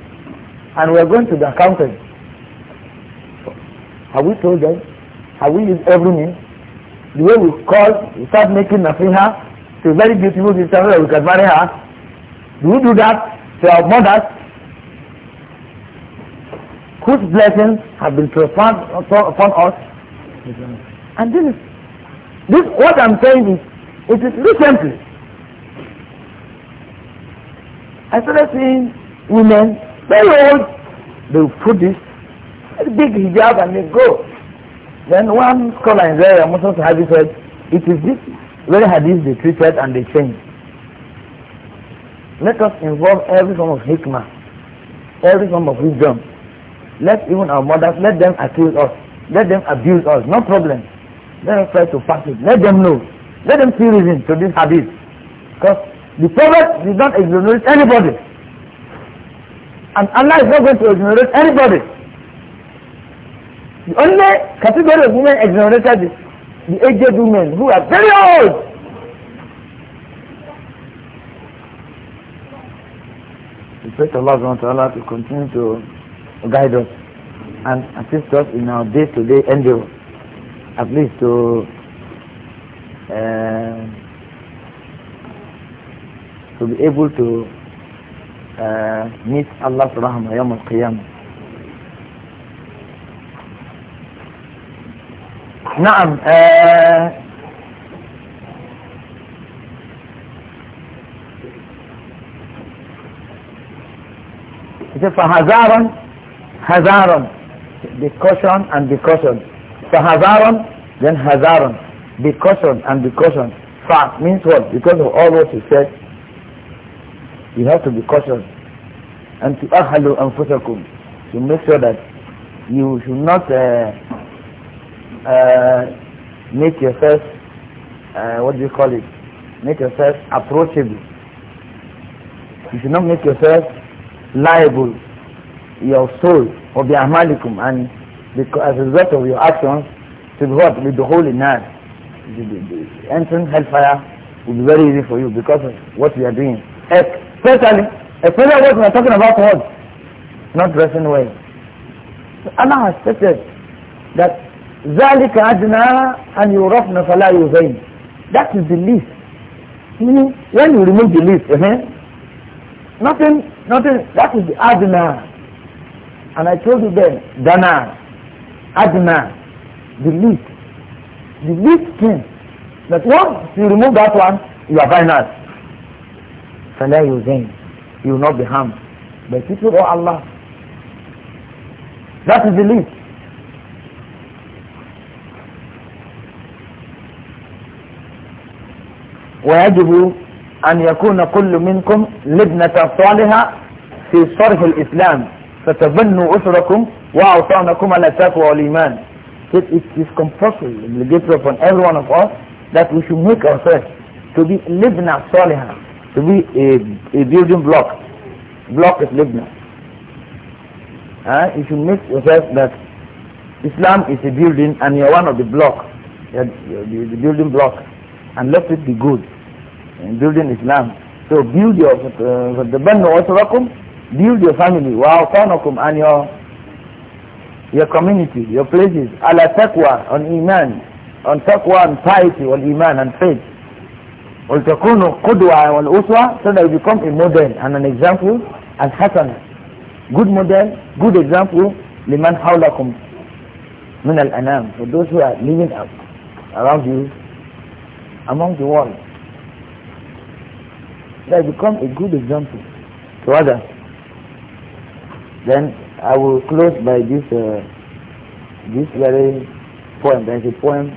Speaker 1: And we are going to the accountant. Have we told them? Have we used every name? The way we call, we start making nafiha, a very beautiful sister, we can marry her. Do you do that to our mothers? Whose blessings have been profound upon us? And this is, this, what I'm saying is, it is recently. I started seeing women, very old, they will put this big hijab and they go. Then one scholar in there, Muslim Sahabi said, it is this very hadith they treated and they changed. Let us involve every form of hikmah, every form of wisdom. Let even our mothers, let them accuse us, let them abuse us, no problem. Let us try to pass it. Let them know. Let them see reason to this hadith. Because the Prophet did not exonerate anybody. And Allah is not going to exonerate anybody. The only category of women exonerated is the aged women who are very old. We pray to Allah subhanahu to continue to guide us and assist us in our day-to-day endeavor, at least to uh, to be able to uh, meet Allah's rahmah yawm al-qiyamah. نعم eh, for فهزارا هزارا be cautious and be caution فهزارا then هزارا be cautious and be cautious. fa means what because of all what you said you have to be cautious and to أهلوا أنفسكم to make sure that you should not uh, uh, make yourself uh, what do you call it make yourself approachable you should not make yourself liable your soul for the amalikum and because as a result of your actions to be what with the holy night the, the, the entering hellfire will be very easy for you because of what you are doing especially especially what we are talking about what not dressing well Allah has stated that ذلك أدنى أن يعرفن فلا يزين that is the least hmm? when you remove the least eh? nothing nothing that is the adna and I told you then dana adna the least the least thing that once you remove that one you are final فلا يزين you will not be harmed But by people or Allah that is the least ويجب أن يكون كل منكم لبنة صالحة في صرح الإسلام فتبنوا أسركم وأوطانكم على التقوى والإيمان it is compulsory obligatory upon every one of us that we should make ourselves to be Libna Soliha to be a, a building block block is Libna uh, you should make yourself that Islam is a building and you're one of the block you're, the building block and let it be good in building Islam. So build your uh, the فَتَبَنُّ أَسْرَكُمْ Build your family وَأَوْطَانَكُمْ and your your community, your places. على تقوى on iman, on taqwa and piety on iman and faith. Kudwa, قُدْوَةً Uswa, so that you become a model and an example as Hasan, good model, good example hawlakum min al-anam for those who are living around you among the world that become a good example to others. Then I will close by this uh, this very poem. There is a poem.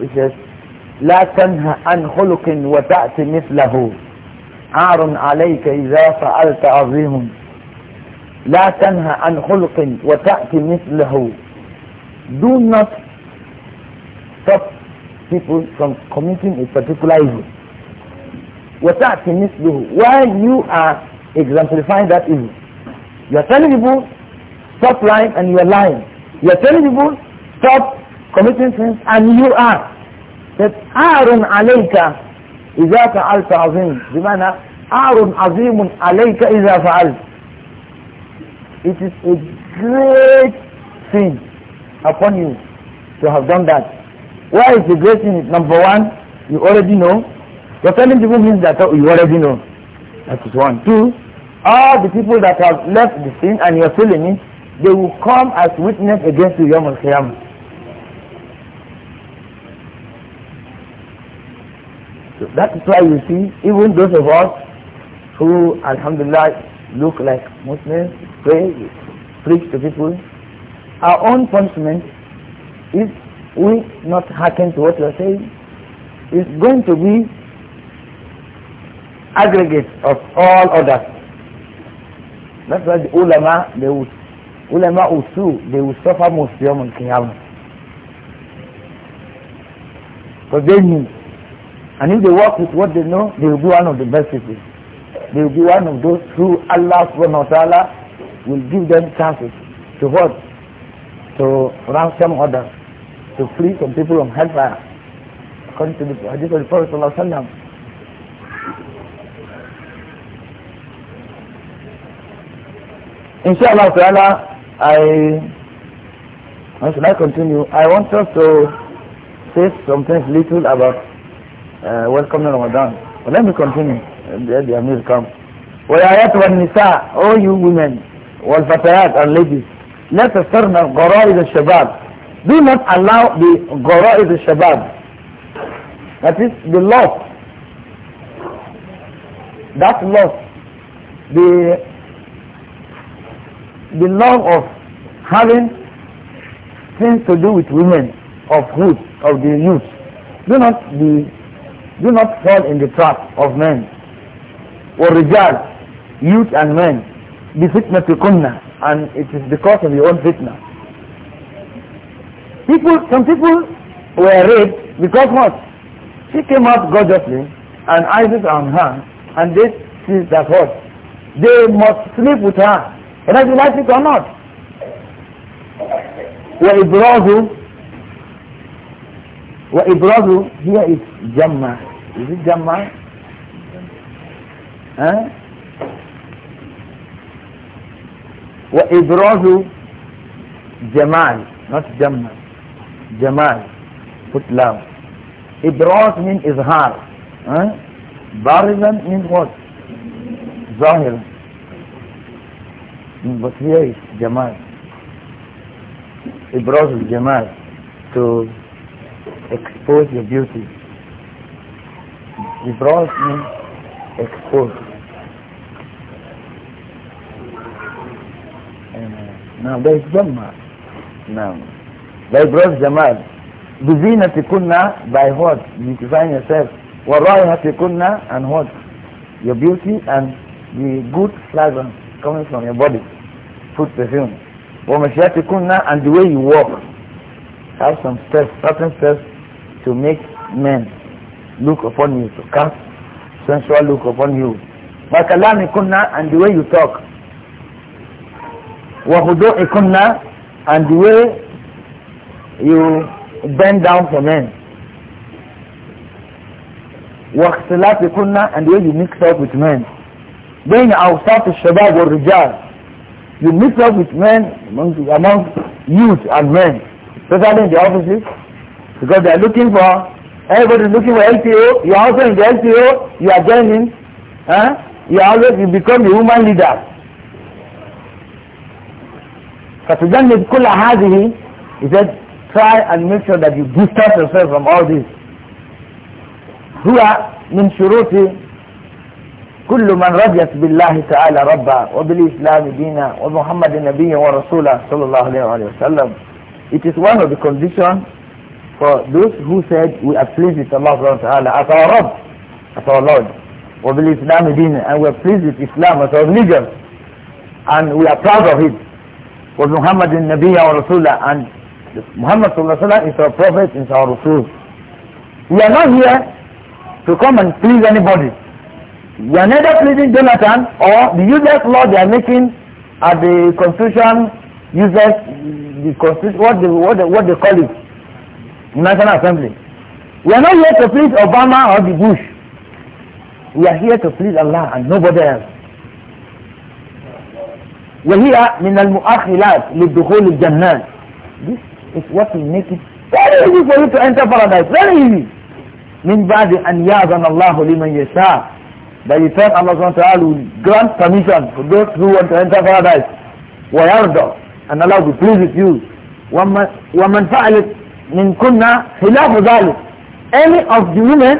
Speaker 1: which says, لا تنهى عن خلق وتأتي مثله عار عليك إذا فعلت عظيم لا تنهى عن خلق وتأتي مثله Do not stop people from committing a particular evil. وَتَعْتِ مِثْلُهُ While you are exemplifying that evil. You are telling people, stop lying and you are lying. You are telling people, stop committing sins and you are. That عَارٌ عَلَيْكَ إِذَا فَعَلْتَ عَظِيمٌ بمعنى عَارٌ عَظِيمٌ عَلَيْكَ إِذَا فَعَلْتَ It is a great sin upon you to have done that. Why is the great sin? Number one, you already know you're telling people means that oh, you already know. That is one. Two, all the people that have left the sin and you're telling it, they will come as witness against you, Yom al So that is why you see, even those of us who, alhamdulillah, look like Muslims, pray, preach to people, our own punishment, if we not hearken to what you are saying, is going to be aggregate of all others. That's why the ulama, they will, ulama usu, they will suffer most yom al qiyamah. Because they knew. And if they work with what they know, they will be one of the best people. They will be one of those who Allah subhanahu wa ta'ala will give them chances to what? To ransom others, to free some people from hellfire. According to the hadith of the Prophet sallallahu alaihi wasallam, inshallah ta'ala I how should I continue? I want us to say something little about uh, welcoming Ramadan. But let me continue. Uh, let the Amir come. ويا أيتها النساء all you women والفتيات and ladies لا تسترن غرائز الشباب do not allow the غرائز الشباب that is the loss that loss the the love of having things to do with women of youth of the youth do not be do not fall in the trap of men or regard youth and men kunna, and it is because of your own fitna people some people were raped because what she came out gorgeously and Isaac on her and they see that what they must sleep with her whether you like it or not وإبراز وإبراز here is جمع is it جمع ها وإبراز جمال not جمع جمال put love إبراز من إظهار ها بارزا means what ظاهرا But here is Jamal? He brought Jamal to expose your beauty. He brought me exposed. Uh, now there is Jamal. Now, they brought Jamal. tikunna by what? you define yourself. tikunna and what? Your beauty and the good fragrance coming from your body, put perfume. وَمَشْيَاتِكُنَّا and the way you walk, have some steps, certain steps to make men look upon you, to cast sensual look upon you. وَكَلَامِكُنَّا and the way you talk. وَهُدُوئِكُنَّا and the way you bend down for men. وَاخْتِلَافِكُنَّا and the way you mix up with men. بين أوساط الشباب والرجال you mix up with men among, among youth and men especially in the offices because they are looking for everybody is looking for LTO you are also in the LTO you are joining huh? you always you become the human leader فتجنب كل هذه he said try and make sure that you distance yourself from all this هو من شروط كل من رضيت بالله تعالى ربا وبالإسلام دينا ومحمد النبي ورسولا صلى الله عليه وسلم it is one of the conditions for those who said we are pleased with Allah subhanahu wa ta'ala as our Rabb as our Lord وبالإسلام دينا and we are pleased with Islam as our religion and we are proud of it ومحمد النبي ورسولا and Muhammad الله عليه وسلم is our prophet is our Rasul we are not here to come and please anybody We are neither pleasing Jonathan or the useless law they are making at the constitution uses the constitution what they what they, what they call it national assembly. We are not here to please Obama or the Bush. We are here to please Allah and nobody else. وهي من المؤخرات للدخول الجنات This is what will make it very easy for you to enter paradise. Very easy. من بعد أن يأذن الله لمن يشاء by the time Allah SWT will grant permission for those who want to enter paradise ويرضى and Allah will be pleased with you ومن فعلت من كنا خلاف ذلك any of the women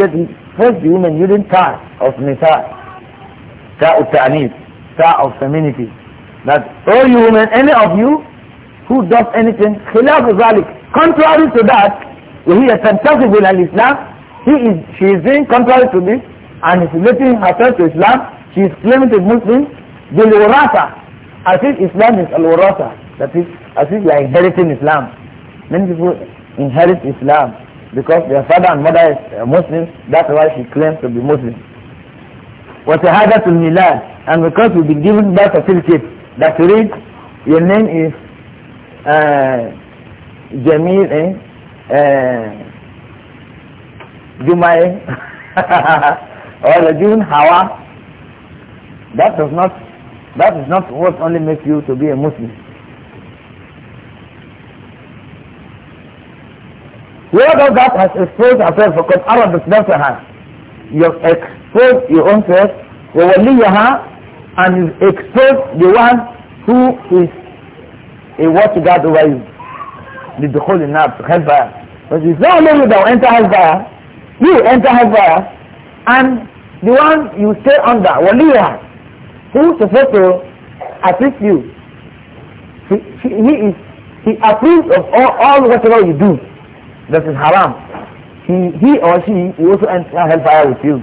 Speaker 1: that first the women not ta of nisa ta of ta'anis ta of femininity that all oh, you women any of you who does anything خلاف ذلك contrary to that he وهي تنتسب الى Islam, he is she is doing contrary to this and is relating herself to Islam, she is claiming to be Muslim, bil warasa, as if Islam is al warasa, that is, as if you are inheriting Islam. Many people inherit Islam because their father and mother is uh, Muslim. that's why she claims to be Muslim. وشهادة الميلاد and because we've been given birth certificate that reads your name is uh, Jamil eh? uh, Jumai or the June Hawa, that does not that is not what only makes you to be a Muslim. Whoever that has exposed herself because Allah does not have, you have exposed your own self, your heart, and you exposed the one who is a watchguard over you. The Holy enough to hellfire. But it's not only you that will enter hellfire, you enter hellfire and the one you stay under waliya who supposed to assist you he, he, he is he approves of all, all whatever you do that is haram he he or she will also enter uh, hellfire with you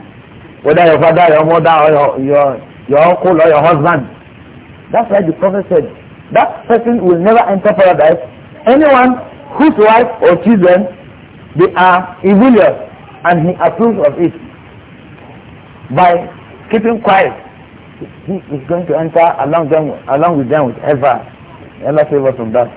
Speaker 2: whether your father your mother
Speaker 1: or your your, your uncle or your husband that's why the prophet said that person will never enter paradise anyone whose wife or children they are evil and he approves of it by keeping quiet, he is going to enter along them along with them with ever. Allah save us from that.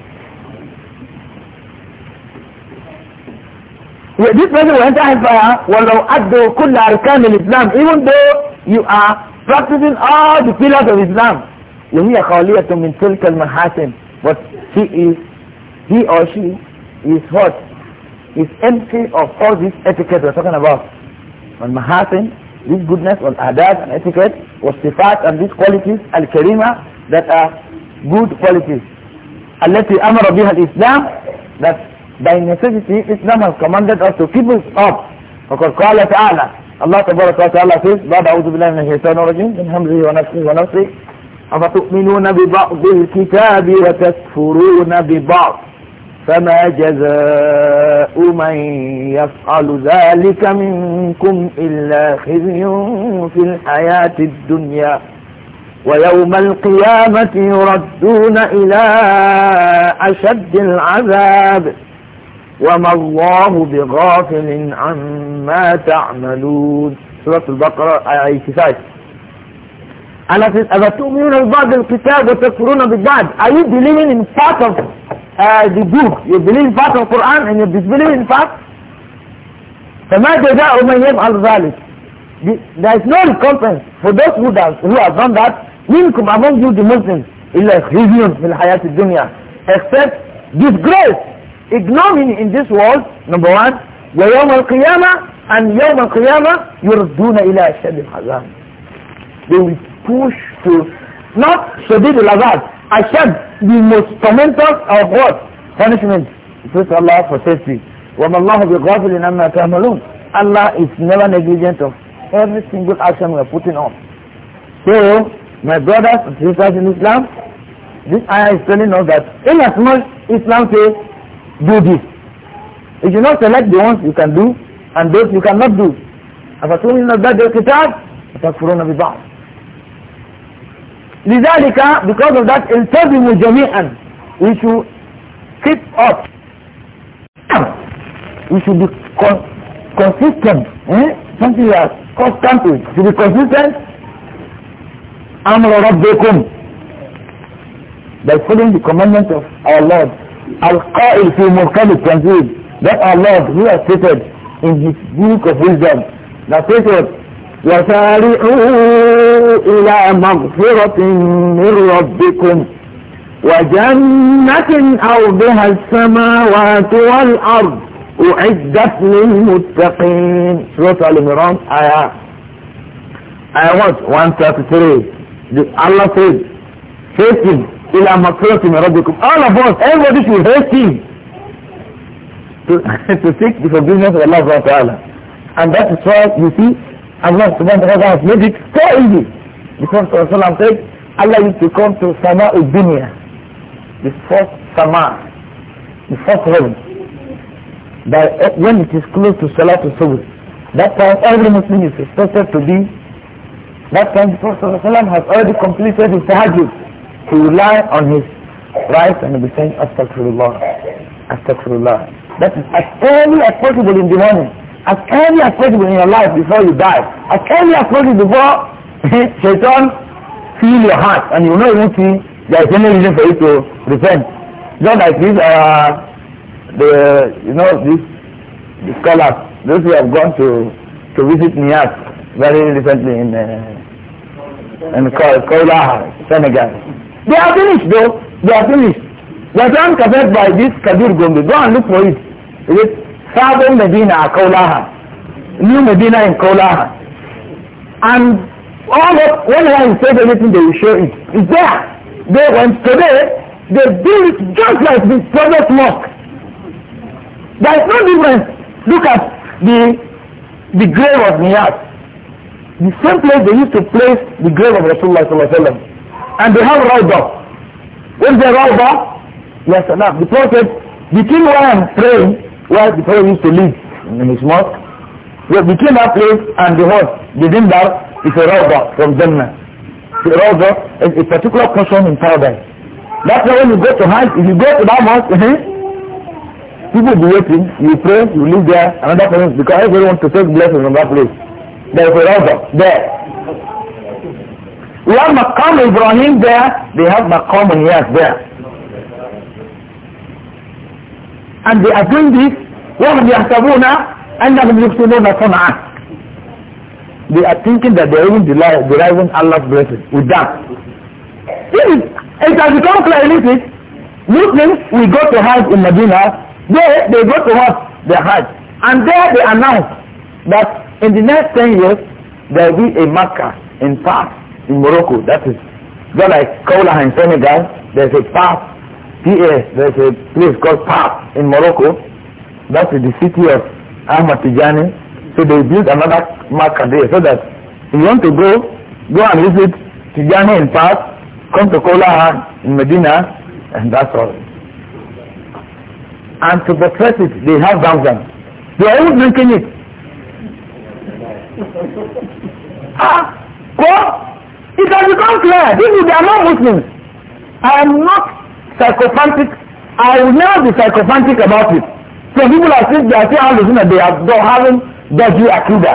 Speaker 1: Yeah, this person will enter hellfire walau addu kulla arkan al-Islam even though you are practicing all the pillars of Islam وهي خالية من تلك but he is he or she is what is empty of all this etiquette we're talking about on mahasin This goodness and adab and etiquette was sifat and these qualities al-karima that are good qualities. التي أمر بها الإسلام that by necessity Islam has commanded us to keep us up. وقد قال تعالى الله تبارك وتعالى says بعد أعوذ بالله من الشيطان الرجيم من همزه ونفسه ونفسه أفتؤمنون ببعض الكتاب وتكفرون ببعض فما جزاء من يفعل ذلك منكم إلا خزي في الحياة الدنيا ويوم القيامة يردون إلى أشد العذاب وما الله بغافل عما تعملون سورة البقرة آية 9 أفتؤمنون ببعض الكتاب وتكفرون ببعض Are you believing in part of uh, the book? You believe in part of Quran and you disbelieve in part? فما جزاء من يفعل ذلك There is no recompense for those who have, who have done that منكم among you the Muslims إلا خزي في الحياة الدنيا except disgrace ignominy in this world number one ويوم القيامة and يوم القيامة يردون إلى أشد العذاب they will push to not shadid al I said the most tormentous of what? Punishment. Praise Allah for safety. وَمَا اللَّهُ بِغَافِلٍ أَمَّا تَعْمَلُونَ Allah is never negligent of every single action we are putting on. So, my brothers and sisters in Islam, this ayah is telling us that in as much Islam says, do this. If you not select the ones you can do and those you cannot do. أَفَتُونِ الْبَدْرِ الْكِتَابِ أَتَكْفُرُونَ بِبَعْضِ لذلك because of that التزموا جميعا we should keep up we should be consistent eh? something we are constant with to be consistent أمر ربكم by following the commandment of our Lord القائل في مركب التنزيل that our Lord who has stated in his book of wisdom that stated وسارعوا إلى مغفرة من ربكم وجنة أرضها السماوات والأرض أعدت للمتقين سورة الإمران آية آية 133 الله says hasten إلى مغفرة من ربكم all of us everybody should hasten to, to seek the forgiveness of Allah and that is why you see Allah subhanahu wa ta'ala has made it so easy. Because Rasulullah said, Allah used to come to Sama Udunya, the first Sama, the first heaven. That when it is close to Salatul Subh, that time every Muslim is expected to be, that time the Prophet has already completed his tahajjud. He will lie on his right and be saying, Astaghfirullah, Astaghfirullah. That is as early as possible in the morning. as early as possible in your life before you die. As early as possible before Satan feel your heart and you know you see there is no reason for you to repent. Just like this, uh, the you know this the scholars, those who have gone to to visit Nias very recently in uh,
Speaker 2: in Koila,
Speaker 1: Senegal. They are finished though. They are finished. They are done covered by this Kabir Gombe. Go and look for it. Is it sabon Medina a Kaulaha, new Medina in Kaulaha. And all of when I said anything they will show it. It's there. They went today, they build it just like the previous mosque. There is no difference. Look at the the grave of Niyat, The same place they used to place the grave of Rasulullah sallallahu And they have Rawda. What is the Rawda? Yes, enough. The Prophet, between where I'm praying where the fellow used to live in his mosque. Well, between that place and the horse, the dindar is a robber from Jannah. The robber is a particular portion in paradise. That's why when you go to Hajj, if you go to that mosque, uh eh, -huh, people will be waiting, you pray, you live there, another person, because everyone wants to take blessings from that place. There is a robber there. We have Maqam Ibrahim there, they have Maqam Niyas there. and they are doing this وهم يحسبون أنهم يحسنون صنعا they are thinking that they are even deriving Allah's blessing with that this is it has become clear illicit Muslims we go to Hajj in Medina There they go to what? the Hajj and there they announce that in the next 10 years there will be a Makkah in path in Morocco that is just like Kaula in Senegal there's a path there's a place called Park in Morocco. That's the city of Ahmad Tijani. So they built another marker there so that if you want to go, go and visit Tijani in Park. come to Kola in Medina, and that's all. And to protect it, they have Zamzam. They are all drinking it. ah, what? It has become clear. People, are not Muslims. I am not psychopathic. I will never be psychopathic about it. Some people are still, they are still hallucinating. They are still having dodgy akida.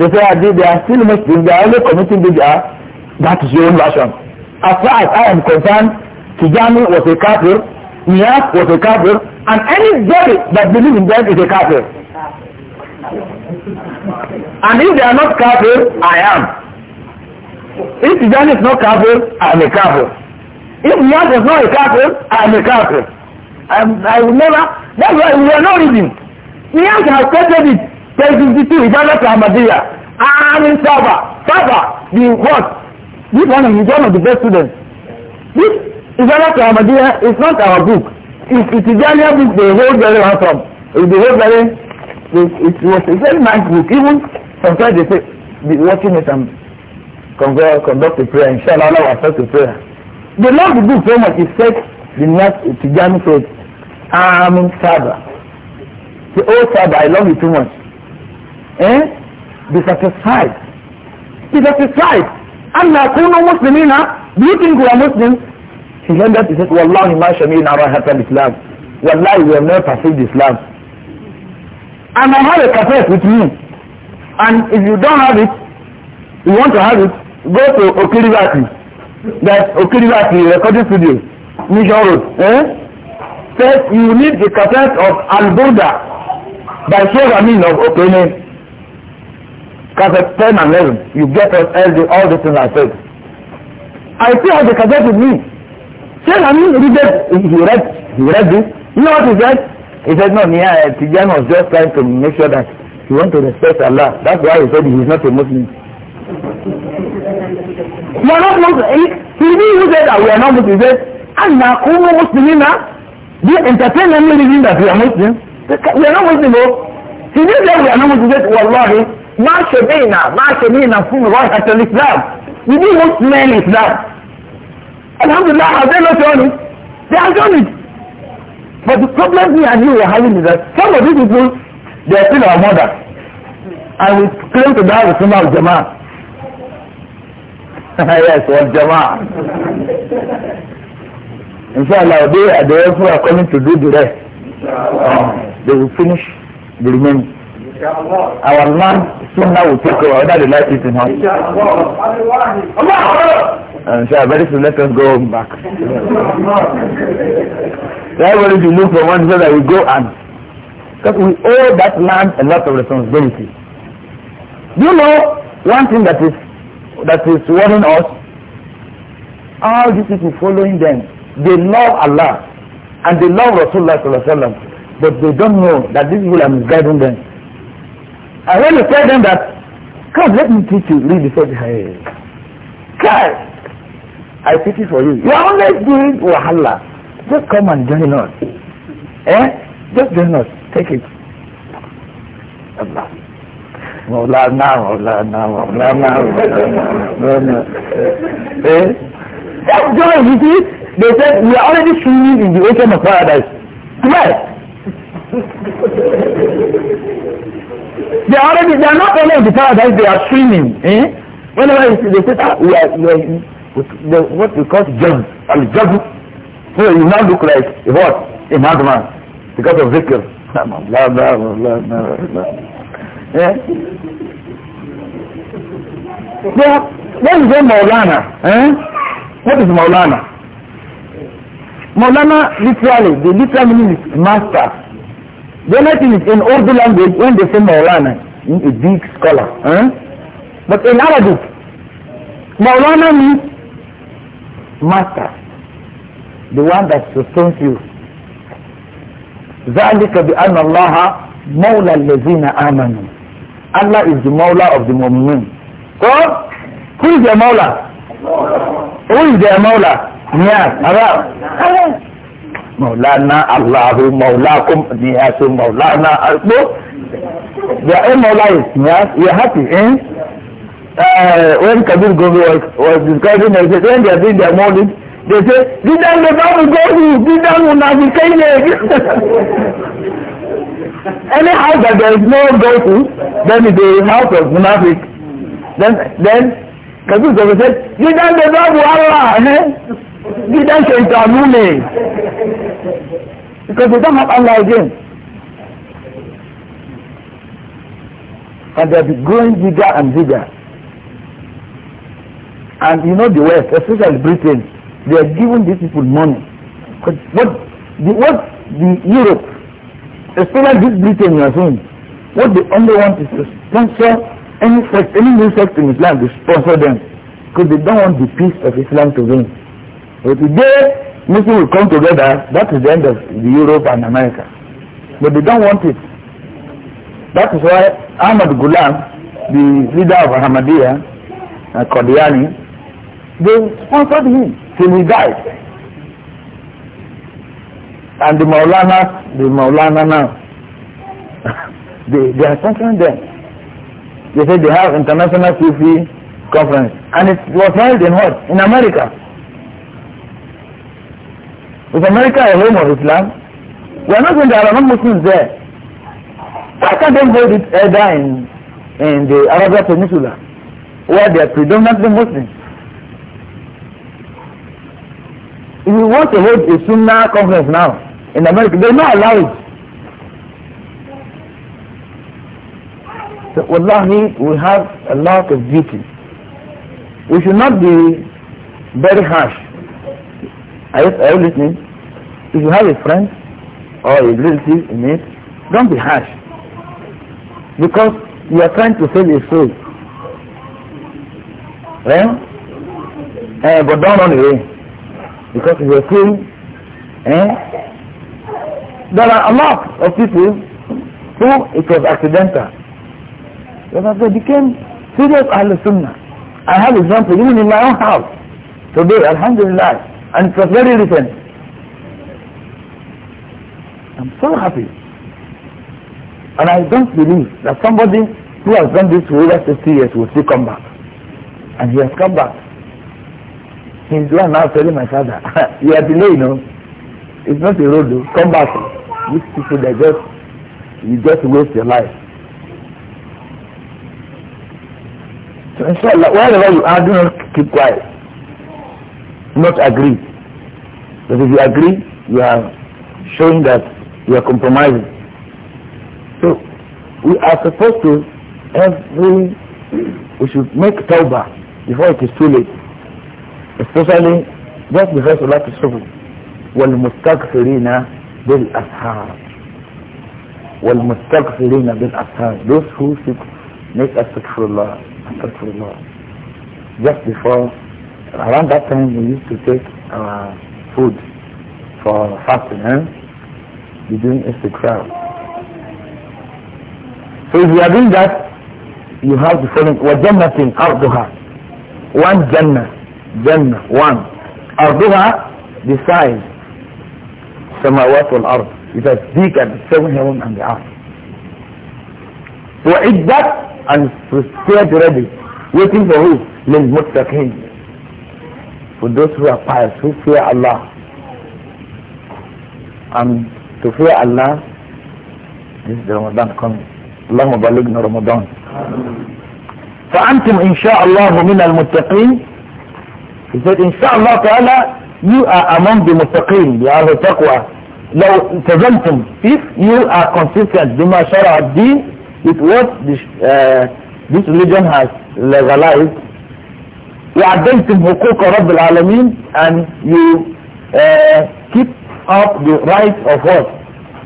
Speaker 1: They say, ah, they are still Muslims. They are only committing bid'ah. That is your own version. As far as I am concerned, Tijani was a kafir, Niyaz was a kafir, and any anybody that believe in them is a kafir. And if they are not kafir, I am. If Tijani is not kafir, I am a kafir. If Muhammad is not a captain, I am a captain, I'm, I will never, that's why we are no reason. Muhammad has quoted it, page 52, Ibadat Ahmadiyya. I'm in Saba. Saba, the what? This one is one of the best students. This Ibadat Ahmadiyya is not our book. It, it is Daniel book they hold very handsome. They hold very, it, it was a very nice book. Even sometimes they say, be watching it and conduct a prayer. Inshallah, Allah will accept the prayer. The Lord the book very much he said, the next Tijani said, I'm Saba. The old oh, Saba, I love you too much. Eh? Be satisfied. Be satisfied. Allah kunu muslimina. Do you think we are Muslims? He said that he said, Wallahi ma shamina rahatan Islam. Wallahi we have never perceived Islam. And I have a cassette with me. And if you don't have it, you want to have it, go to Okiribati that okiriba ti recording studio mission road eh? first you need a cassette of alboda by sheikh amin of okene cassette ten and eleven you get us all the all the things i said i still have the cassette with me sheikh amin read it he read he read this you know what he said he said no nia eh, tijan was just trying to make sure that he want to respect allah that's why he said he is not a muslim
Speaker 2: We are not Muslims.
Speaker 1: He who said that we are not Muslims said, Anna kumu muslimina. Do you entertain any reason that we are Muslims? We are not Muslims though. He didn't we are not Muslims. He said, Wallahi, ma shabina, ma shabina from right at Islam. We do not smell Islam. Alhamdulillah, have they not done They have done But the problem me and you were having is that some of these people, they are still our mother. And we claim to die with Sunnah al-Jama'ah yes wal jamaa inshallah they are there who are coming to do the rest um, they will finish the remaining our man soon now will take over whether they like it or not inshallah very soon let us go home back everybody should look for one so that we go and because we owe that land a lot of responsibility do you know one thing that is that is warning us, all these people following them, they love Allah and they love Rasulullah sallallahu but they don't know that this people are misguiding them. And when you tell them that, come let me teach you, read the Surah, hey, God, I teach it for you. You are always doing wahala. Just come and join us. Eh? Just join us. Take it. Allah. Mọ̀lánà mọ̀lánà mọ̀lánà mọ̀lánà. Eh? That's why you see, they said we are already swimming in the ocean of paradise. Yes. they are already, they are not only in the paradise, they are swimming. Eh? Whenever see, they say that ah, we are, we are in, the, what we call jug, al jug. So you now look like what? A madman. Because of zikr. La, la, la, la, la, la. What is Maulana? Eh? What is Maulana? Maulana literally, the literal meaning is master. The only thing is in Urdu language when they say Maulana, a big scholar. Eh? But in Arabic, Maulana means master, the one that sustains you. ذلك بأن الله مولى الذين آمنوا Allah is the Mawla of the Mu'min. Ko? Who is their Mawla? Who is their Mawla? Niyaz, Allah. Allah. Mawlana Allahu Mawlakum Niyazu Mawlana Albu. Their own Mawla is Niyaz. You happy, eh? Uh, when Kabir Gobi was, was describing, they said, when they are doing their morning, they say, Didan le babu gobi, didan munafikayne. Any house that there is no go to, then it is a house of Munafik. Then, then, Kabir Kabir said, you don't deserve Allah, eh? You don't say money, Because you don't have Allah again. And they'll be growing bigger and bigger. And you know the West, especially Britain, they are giving these people money. But what the, what the Europe especially this Britain you are saying, what they only want is to sponsor any sect, any new sect in Islam to sponsor them, because they don't want the peace of Islam to win. But today, Muslims will come together, that is the end of the Europe and America. But they don't want it. That is why Ahmad Ghulam, the leader of Ahmadiyya, uh, Qadiani, they sponsored him till he died. and the Maulana, the Maulana now. they, they are sponsoring there. They said they have international Sufi conference. And it was held in what? In America. Is America a home of Islam? We are not going to are not muslims there. Why can't they hold it either in, in the Arabian Peninsula where they are predominantly Muslims? If you want to hold a Sunnah conference now, in America. They're not allowed. So, wallahi, we have a lot of duty. We should not be very harsh. Are you, listening? If you have a friend or a relative in it, don't be harsh. Because you are trying to save his soul. Right? Eh? eh? but don't run away. Because if you're eh, There are a lot of people who it was accidental. But they became serious Ahl Sunnah. I have example even in my own house today, Alhamdulillah, and it was very recent. I'm so happy. And I don't believe that somebody who has done this for over 60 years will still come back. And he has come back. He's the one now telling my father, you are delayed, you It's not the road, though. come back. These people, they just, you just waste your life. So inshallah, wherever you are, do not keep quiet. Not agree. Because if you agree, you are showing that you are compromising. So we are supposed to every we should make tawbah before it is too late. Especially just before Salat al-Subh. وَالْمُسْتَغْفِرِينَ بالأسحار والمستغفرين بالأسحار those who should make for Allah. just before around that time we used to take our food for fasting eh? be doing istighfar so if you are doing that you have the following وَجَنَّةٍ أَرْضُهَا one jannah jannah one أَرْضُهَا the size السماوات والارض اذا تزيك بالسوي يوم ان يعرف وعدك ان تستيج ربي وكن بهو للمتقين فدوس هو فايس هو فيا الله ان تفيا الله this رمضان كم اللهم بلغنا رمضان فانتم ان شاء الله من المتقين إذا إن شاء الله تعالى you are among the mustaqim, the ahlu taqwa. لو تزلتم if you are consistent بما شرع الدين with what this, uh, this religion has legalized you وعدلتم حقوق al alamin and you uh, keep up the rights of what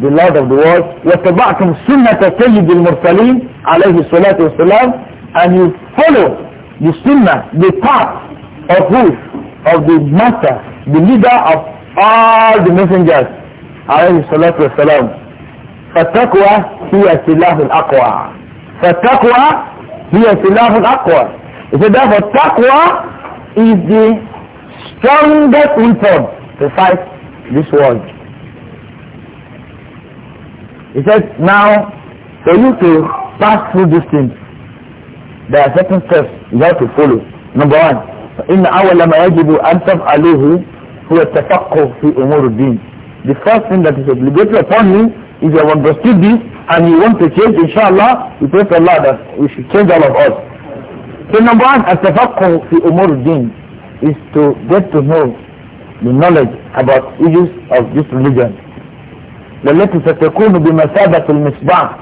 Speaker 1: the Lord of the world واتبعتم سنة سيد المرسلين عليه الصلاة والسلام and you follow the sunnah the path of who of the master the leader of all the messengers alayhi salatu wasalam he hiya the aqwa fatakwa hiya silahul Takwa, he said therefore taqwa is the strongest weapon to fight this world he said now for you to pass through this thing there are certain steps you have to follow number one فإن أول ما يجب أن تفعلوه هو التفقه في أمور الدين the first thing that is obligatory upon you is you have understood this and you want to change inshallah we pray to Allah that we should change all of us so number one التفقه في أمور الدين is to get to know the knowledge about issues of this religion التي ستكون بمثابة المصباح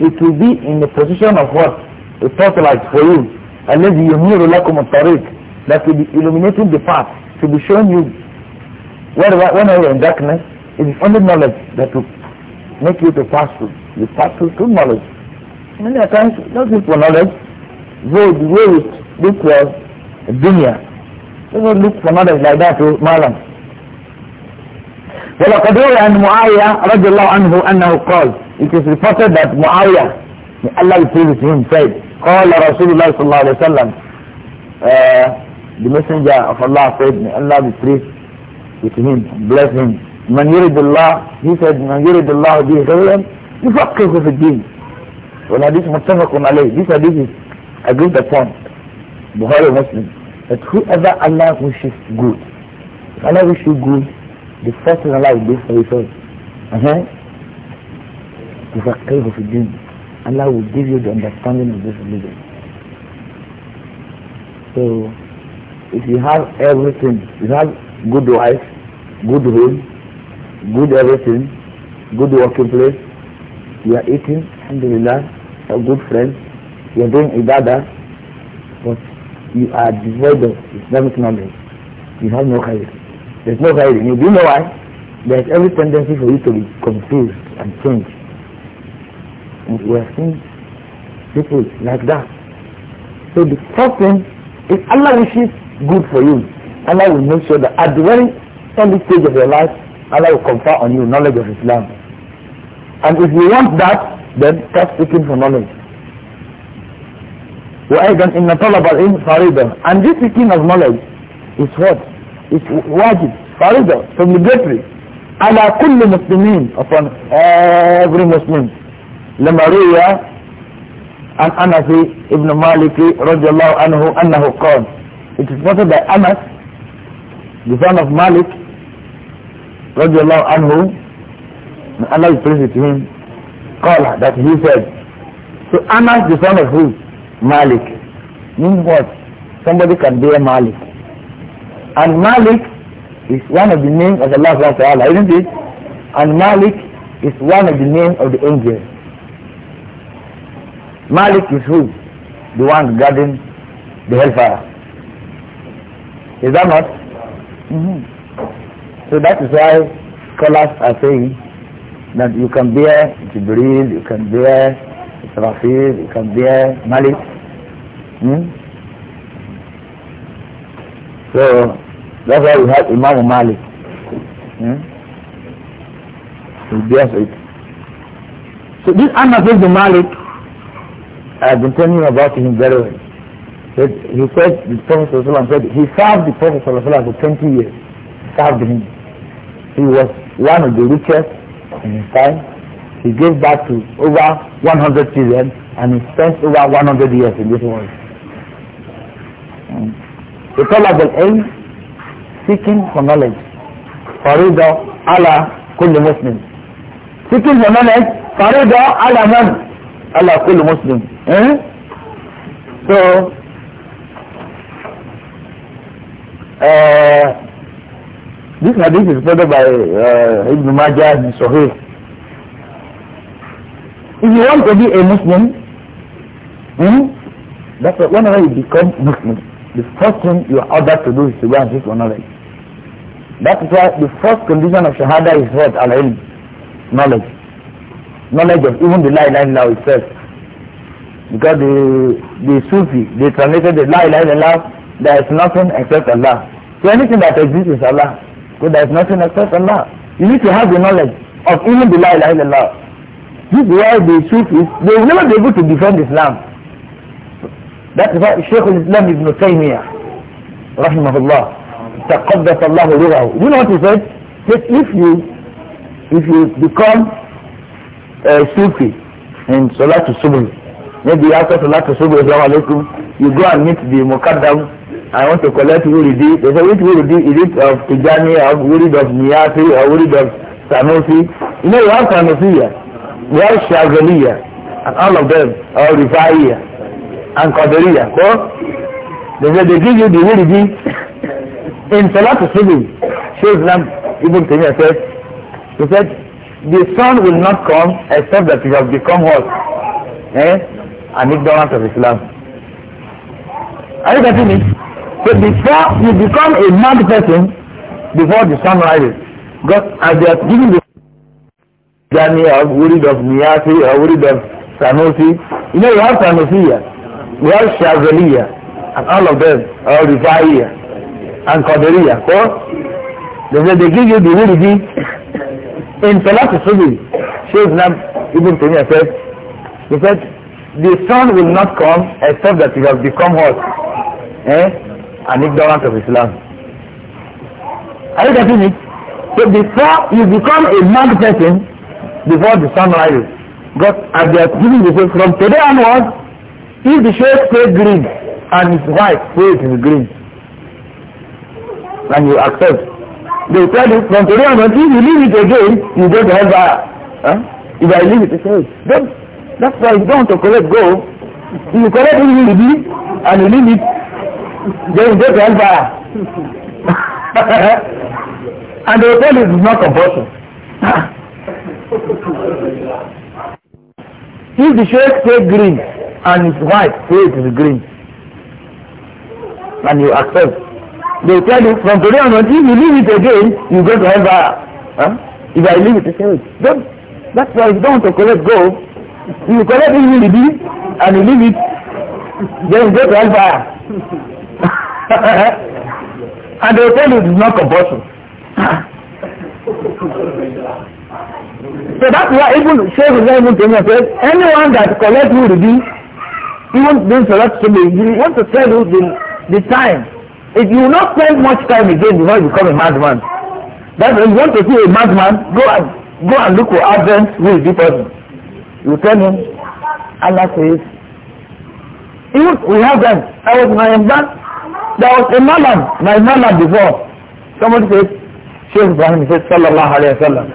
Speaker 1: it will be in the position of what? a torchlight for you الذي ينير لكم الطريق that will be illuminating the path to be showing you where, when are you in darkness it is only knowledge that will make you to pass through you pass through through knowledge many a times not just for knowledge though the way we look for dunya they don't look for knowledge like that to oh, malam ولقد روي عن معاوية رضي الله عنه أنه قال it is reported that معاوية may Allah be pleased with him said قال رسول الله صلى الله عليه وسلم uh, the messenger of Allah said may Allah be pleased with him bless him من يرد الله he said من يرد الله به خيرا يفقهه في الدين والحديث متفق عليه this hadith is agreed upon Bukhari Muslim that whoever Allah wishes good if Allah wishes good the first thing Allah will do for his soul uh -huh. يفقهه في الدين Allah will give you the understanding of this religion. So, if you have everything, you have good wife, good home, good everything, good working place, you are eating, alhamdulillah, a good friend, you are doing ibadah, but you are devoid of Islamic knowledge. You have no khair. There's no khair you. Do know why? There's every tendency for you to be confused and changed. And we are seeing people like that. So the first thing, if Allah wishes good for you, Allah will make sure that at the very early stage of your life, Allah will confer on you knowledge of Islam. And if you want that, then start seeking for knowledge. وأيضا إن طلب العلم فريضة and this seeking of knowledge is what? It's واجب فريضة obligatory على كل مسلمين upon every Muslim لما روي عن أنس ابن مالك رضي الله عنه أنه قال it is reported by Anas the son of Malik رضي الله عنه and Allah is pleased with him قال that he said so Anas the son of who? Malik means what? somebody can be a Malik and Malik is one of the names of Allah subhanahu wa ta'ala isn't it? and Malik is one of the names of the angels Malik is who? The one guarding the hellfire. Is that not? Mm -hmm. So that is why scholars are saying that you can bear Jibril, you can bear Israfil, you can bear Malik. Hmm? So that's why we have Imam Malik. Hmm? He bears it. So this Anna the Malik I've been telling you about him very well. He said, the Prophet ﷺ said, he served the Prophet ﷺ for 20 years. Served him. He was one of the richest in his time. He gave back to over 100 children and he spent over 100 years in this world. The طلب aim: seeking for knowledge فريضة Allah كل Muslim. seeking for knowledge فريضة Allah, من Allah kullu Muslim. Eh? So, uh, this hadith is reported by uh, Ibn Majah and Sahih. If you want to be a Muslim, hmm, that's what, whenever you become Muslim, the first thing you are ordered to do is to go and seek knowledge. That is why the first condition of Shahada is what? Al-ilm, knowledge knowledge of even the la ilaha illallah itself because the the Sufi they translated the la ilaha illallah there is nothing except Allah so anything that exists is Allah so there is nothing except Allah you need to have the knowledge of even the la ilaha illallah this is why the Sufis they will never be able to defend Islam that's why Shaykh al-Islam Ibn Taymiyyah rahimahullah تقدس الله روحه you know what he said that if you if you become Eh, sufi in salatu subh maybe after salatu subh assalamu alaikum you go and meet the mukaddam i want to collect wuridi they say which wuridi is it of tijani or wurid of niyati or wurid of sanusi you know you have sanusiya you have shazaliya and all of them or rifaiya and qadariya so they say they give you the wuridi in salatu subh sheikh islam ibn taymiyyah said he said the sun will not come except that you have become what? Eh? An ignorant of Islam. Are you getting me? So before you become a mad person, before the sun rises, God, as they are giving the journey of worried of Niyasi or worried of Sanusi, you know you have Sanusi here, you have Shazali here, and all of them are Rifai here, and Qadiri here. So, they, say they give you the worried in Salatu Subi, even to me. I said, he said, the sun will not come except that you have become hot eh, and ignorant of Islam. Are you getting it? So before you become a mad person, before the sun rises, God, and they are giving the faith from today onwards, if the shade stays green and it's white, say it is green. And you accept they tell you from today on until you leave it again you go to hell fire if I leave it again then that's why you don't want to collect gold if you collect it you leave and you leave it then you go to hell and the tell is it's not compulsion if the shirt say green and it's white say it is green and you accept they tell you from today on until you leave it again you go to hellfire huh? if I leave it I say wait oh, that's why if you don't want to collect gold you collect it with the and you leave it then you go to hellfire and they tell you it is not compulsory so that's why even Sheikh is not even telling us anyone that collects with the even doing salat to me you want to tell you the, the time If you will not spend much time again before you become a madman, That why you want to see a madman, go and go and look for Advent with the person. You tell him, Allah says, even we have them. I was my man, there was a malam, my malam before. Somebody says, Sheikh Ibrahim, he said, Sallallahu Alaihi Wasallam.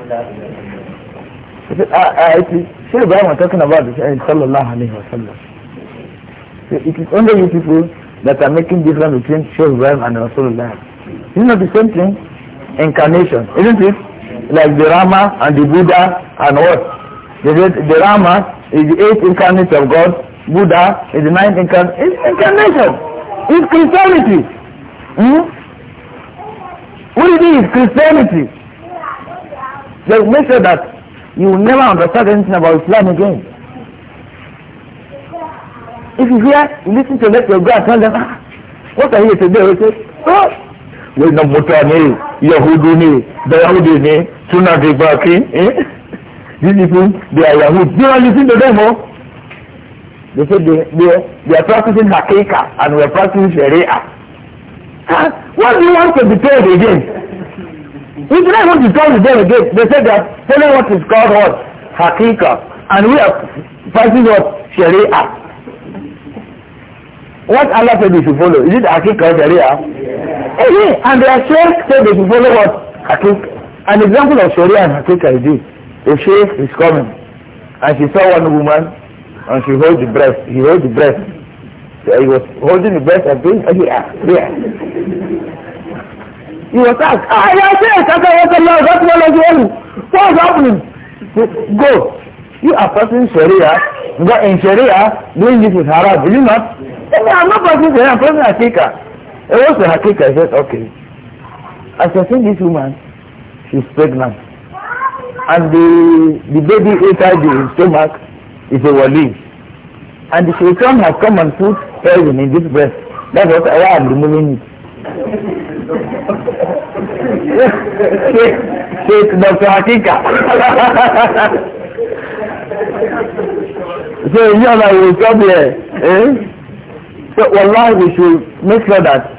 Speaker 1: He said, ah, ah, Sheikh Ibrahim was talking about this, eh, Sallallahu Alaihi Wasallam. It is only you people that are making difference between Shaykh Ibrahim and Rasulullah. It's not the same thing. Incarnation, isn't it? Like the Rama and the Buddha and what? The, the Rama is the eighth incarnate of God. Buddha is the ninth incarnate. It's incarnation. It's Christianity. Hmm? What it is, Christianity. So make sure that you will never understand anything about Islam again. If you hear, you listen to let your God tell them, ah, what are you today? We say, oh, we no muta ni, Yahudu ni, Dayahudi ni, Sunna Dibaki, eh? These people, they are Yahud. They are listening to them, oh. They say they, they, they are practicing Hakeka and we are practicing Sharia. Huh? What do you want to be told again? do not want to tell them again, they say they are telling what is called what? Hakika. And we are practicing what? Sharia. What Allah said they should follow? Is it Akika or Sharia? Eh, and the Sheikh said they should follow what? Akika. An example of Sharia and Akika is this. A Sheikh is coming and she saw one woman and she hold the breast. He hold the breast. So he was holding the breast and doing, oh yeah, yeah. He was asked, ah, yeah, Sheikh, I can't Allah, that's what I do. What's happening? Go. You are passing Sharia, but in Sharia, doing this is haram, will you not? Emi I'm not practicing Sharia, I'm practicing Hakika. And what's the Hakika? He says, okay. As I see this woman, she's pregnant. And the, the baby inside the stomach is a wali. And the shaitan has come and put poison in this breast. That's what I am removing it. Sheikh doctor Hakika. so, you know, I will come here. Eh? But wallahi, we should make sure that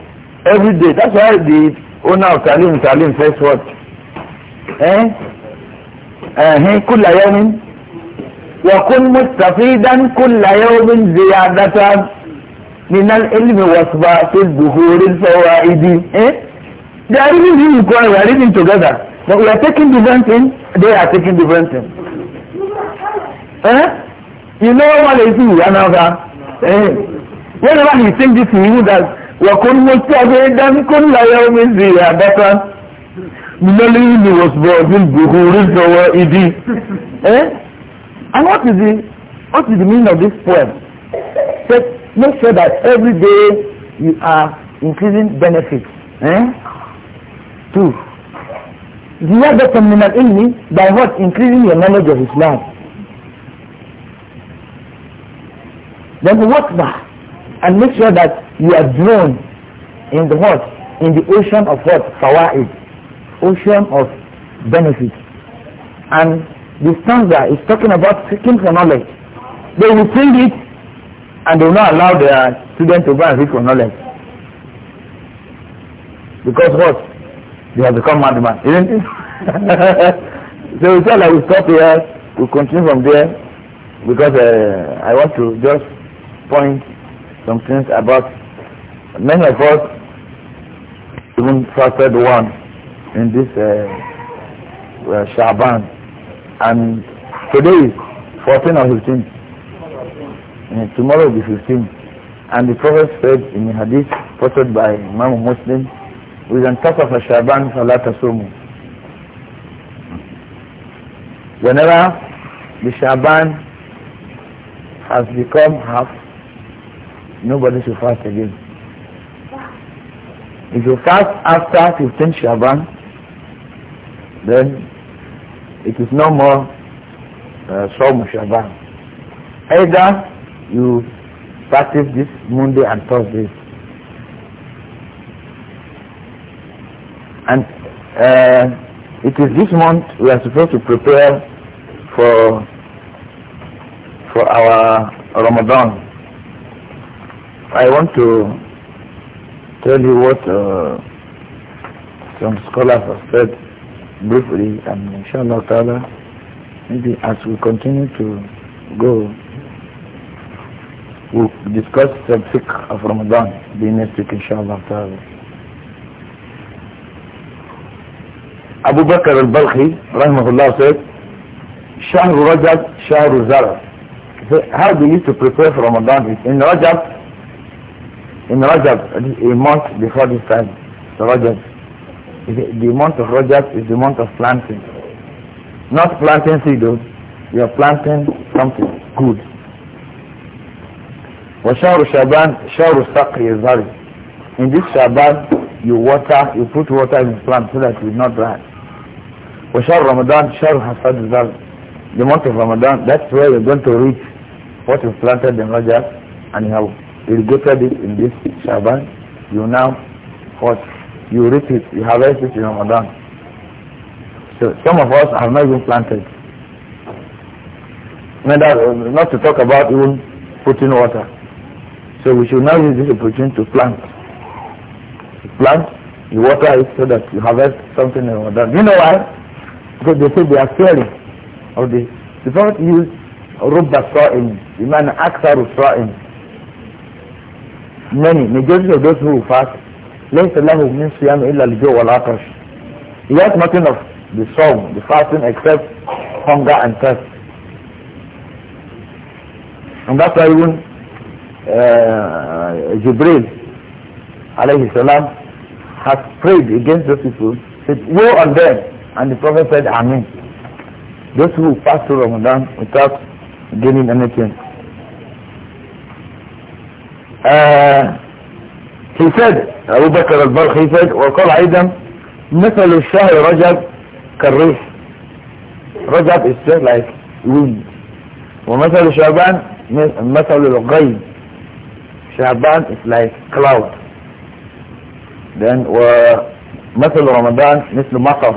Speaker 1: every day. That's why the owner of Talim, Talim, first what? Eh? Eh, kulla yawmin. Wa kun mustafidan kulla yawmin ziyadatan min al-ilmi wasba fil buhurin fawaidi. Eh? They are living in Quran, we are living together. But we are taking different things, they are taking different things. Eh? You know what they do, another. Eh? whenever he sing this he knew that وَكُنْ مُسْتَبِدًا كُلَّ يَوْمِ زِيَادَةً من الإن وصباب البخور الزوائد eh? and what is the what is the meaning of this poem that make sure that every day you are increasing benefits eh? two زيادة من العلم by what increasing your knowledge of Islam then what that and make sure that you are drawn in the what? In the ocean of what? Fawaid. Ocean of benefit. And the stanza is talking about seeking for knowledge. They will sing it and they will not allow their students to go and seek for knowledge. Because what? They have become madman, isn't it? so we said like we stop here, we continue from there because uh, I want to just point some things about many of us even fasted one in this uh, uh, Shaban and today is 14 or 15 and uh, tomorrow will be 15 and the Prophet said in the hadith posted by Imam Muslim we can talk of a Shaban Salat Asumu whenever the Shaban has become half nobody should fast again. If you fast after 15 Shaban, then it is no more uh, Som Shaban. Either you practice this Monday and Thursday. And uh, it is this month we are supposed to prepare for for our Ramadan. I want to tell you what uh, some scholars have said briefly and inshallah ta'ala maybe as we continue to go we'll discuss the fiqh of Ramadan the next week inshallah ta'ala Abu Bakr al-Balkhi rahimahullah said شهر رجب شهر زرع how do you to prepare for Ramadan in in Rajab, a month before this time, the Rajab, the month of Rajab is the month of planting. Not planting seeds, you are planting something good. وشهر شعبان شهر الصقر يزهر In this Shaban, you water, you put water in the plant so that it will not dry. وشهر رمضان شهر حصاد الزرع The month of Ramadan, that's where you're going to reach what you planted in Rajab and Yahweh irrigated it in this Shaban, you now what you reap it, you harvest it in Ramadan. So some of us have not even planted. not to talk about even putting water. So we should now use this opportunity to plant. You plant, you water it so that you harvest something in Ramadan. You know why? Because they say they are fearing of this. The Prophet used رب the man أكثر الصائم many majority of those who fast ليس له من صيام إلا الجوع والعطش he has nothing of the song the fasting except hunger and thirst and that's why even uh, Jibril alayhi salam has prayed against those people said woe on them and the prophet said amen those who fast through Ramadan without gaining anything فساد أبو بكر البرخي فساد وقال أيضا مثل الشهر رجب كالريح رجب الشهر like wind ومثل شعبان مثل الغيب شعبان is like cloud then ومثل رمضان مثل مطر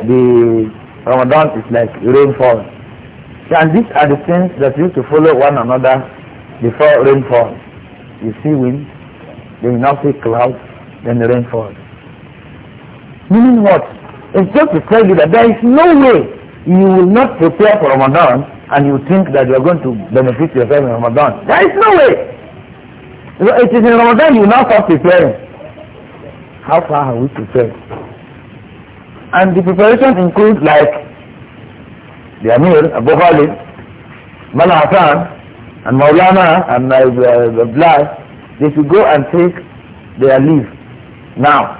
Speaker 1: the رمضان is like rainfall and these are the things that used to follow one another before rainfall you see wind, then you now see clouds, then the rain falls. Meaning what? It's just to tell you that there is no way you will not prepare for Ramadan and you think that you are going to benefit yourself in Ramadan. There is no way. It is in Ramadan you now start preparing. How far have we prepared? And the preparation includes like the Amir, Abu Khalid, Mala Hassan, and Maulana and my uh, Blas, they should go and take their leave now.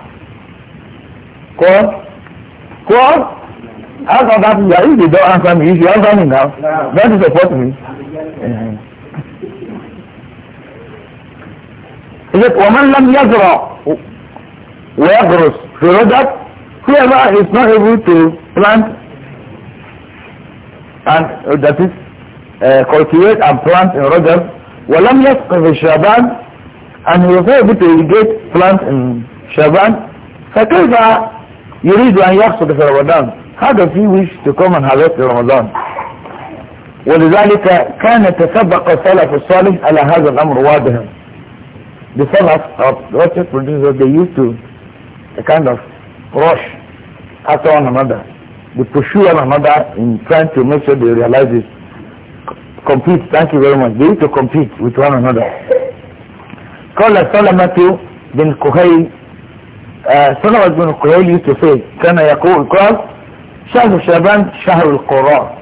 Speaker 1: Go on. Go on. Answer that. If they don't answer me, if you answer me now, no. don't support me. He said, وَمَنْ لَمْ يَزْرَعْ وَيَغْرُسْ So that whoever is not able to plant and uh, that is uh, cultivate and plant in Rajab ولم يسقف Shaban and he was able to irrigate plants in Shaban فكيف يريد أن يقصد في رمضان how does he wish to come and harvest in Ramadan ولذلك كان تسبق السلف الصالح على هذا الأمر واضحا the Salaf of righteous producers they used to a kind of rush after one another they pursue one another in trying to make sure they realize this compete. Thank you very much. They need to compete with one another. قال سلمة بن كهيل سلمة بن كهيل used to say كان يقول قال شهر شعبان شهر القرآن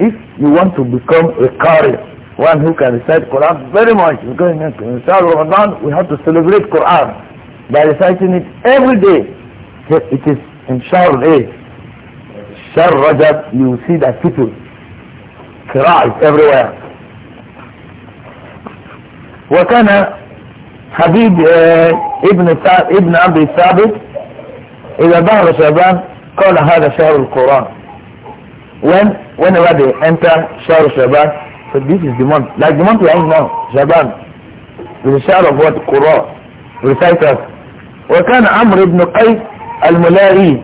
Speaker 1: if you want to become a qari one who can recite Quran very much because in Shah Ramadan we have to celebrate Quran by reciting it every day it is in Shah Rajab you see that people Qira everywhere. وكان حبيب آه، ابن ابن عبد الثابت إذا ظهر شعبان قال هذا شهر القرآن when whenever they enter شهر شعبان so this is the month like the month we are in now شعبان is the شهر of what Quran reciters وكان عمرو بن قيس الملائي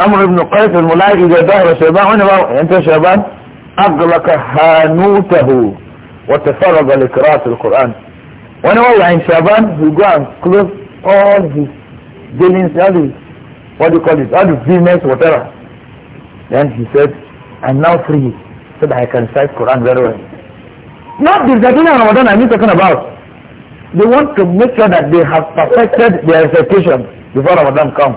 Speaker 1: عمرو بن قيس الملائي إذا ظهر شعبان whenever enter شعبان أغلق هانوته وتفرغ لقراءة القرآن whenever we are in Shaban go and close all his dealings all his what do you call it all his business whatever then he said I'm now free so that I can recite Quran very well not the recitation of Ramadan I'm talking about they want to make sure that they have perfected their recitation before Ramadan comes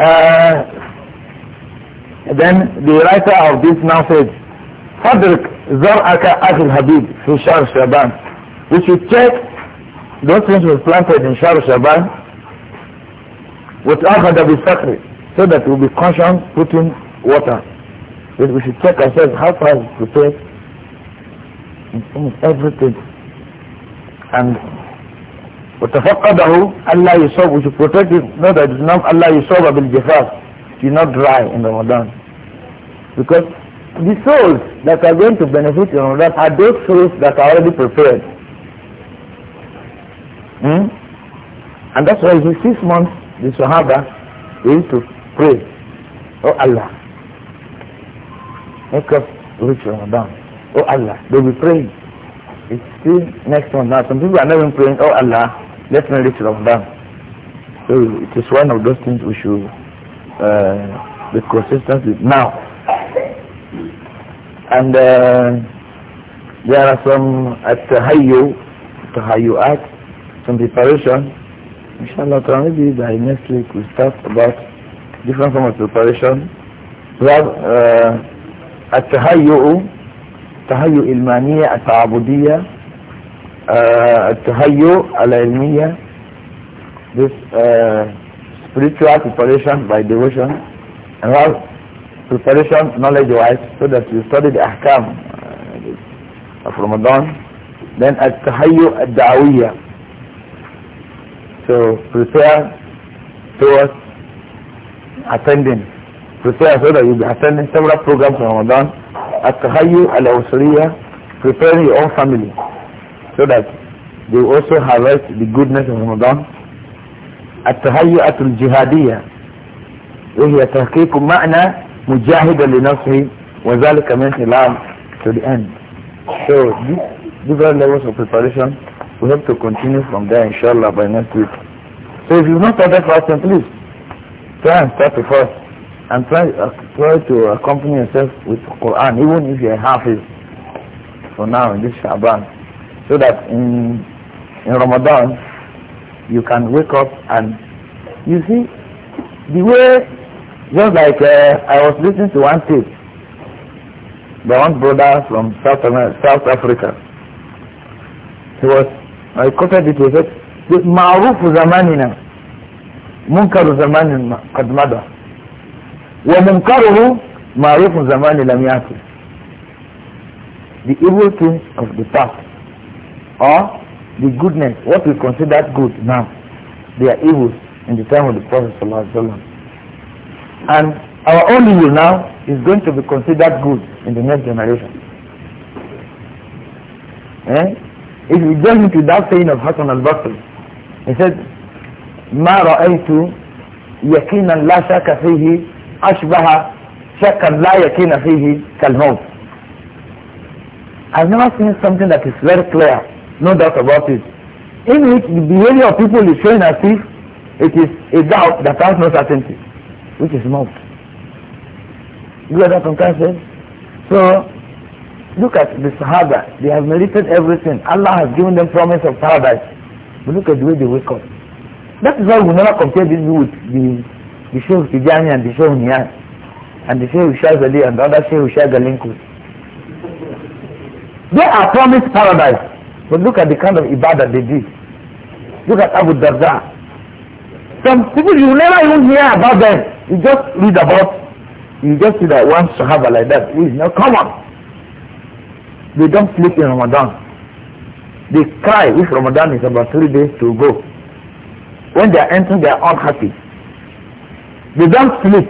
Speaker 1: uh, then the writer of this now says فَدْرِكْ زَرْعَكَ Habib الْحَبِيبِ في شهر شعبان we should check those things were planted in شهر Shaban with أخذ بالسقر so that we'll be conscious putting water we should check ourselves how far we take in almost everything and وتفقده Allah يصاب we should protect it not that it's not Allah يصاب بالجفاف do not dry in mudan. Because the souls that are going to benefit from that are those souls that are already prepared. Hmm? And that's why in six months, the Sahaba, they used to pray, Oh Allah, make us reach Ramadan. Oh Allah, they will praying. It's still next one now. Some people are not even praying, Oh Allah, let me reach Ramadan. So it is one of those things we should uh, be consistent with now. And uh, there are some at-tahayyu, tahayyu'at, some preparation. Inshallah, maybe by next week we start about different form of preparation. We have uh, at-tahayyu, at الإلمانية التعبدية uh, ala العلمية this uh, spiritual preparation by devotion and well preparation knowledge-wise so that you study the ahkam uh, of Ramadan. Then at-tahayyu ad dawiyah So prepare towards attending. Prepare so that you'll be attending several programs in Ramadan. At-tahayyu al-awsariya. Prepare your own family so that they also harvest the goodness of Ramadan. At-tahayyu at-jihadiyya. وهي تحقيق معنى مجاهدا لنفسه وذلك من خلال to the end so these different levels of preparation we have to continue from there inshallah by next week so if you've not started fasting please try and start to first and try, uh, try to accompany yourself with Quran even if you're half is for now in this Shaban so that in in Ramadan you can wake up and you see the way just like uh, I was listening to one tape the one brother from South, America, South Africa. He was, I quoted it, he said, the زماننا منكر زمان قد مضى ومنكره معروف زمان لم the evil things of the past or the goodness what we consider good now they are evils in the time of the Prophet sallallahu alaihi wasallam and our own evil now is going to be considered good in the next generation. Eh? If we go into that saying of Hassan al-Basri, he said, ما رأيت يقينا لا شك فيه أشبه شكا لا يقين فيه كالموت. I've never seen something that is very clear, no doubt about it, in which the behavior of people is shown as if it is a doubt that has no certainty which is most? You got that from cancer? So, look at the Sahaba. They have merited everything. Allah has given them promise of paradise. But look at the way they wake up. That is why we never compare this with the, the the Tijani and the Sheikh Niyan and the Sheikh Shazali and the other the Shagalinkus. They are promised paradise. But look at the kind of ibadah they did. Look at Abu Darda. Some people you never even hear about them. You just read about, you just see that one Sahaba like that, who is come on. They don't sleep in Ramadan. They cry if Ramadan is about three days to go. When they are entering, they are unhappy. They don't sleep.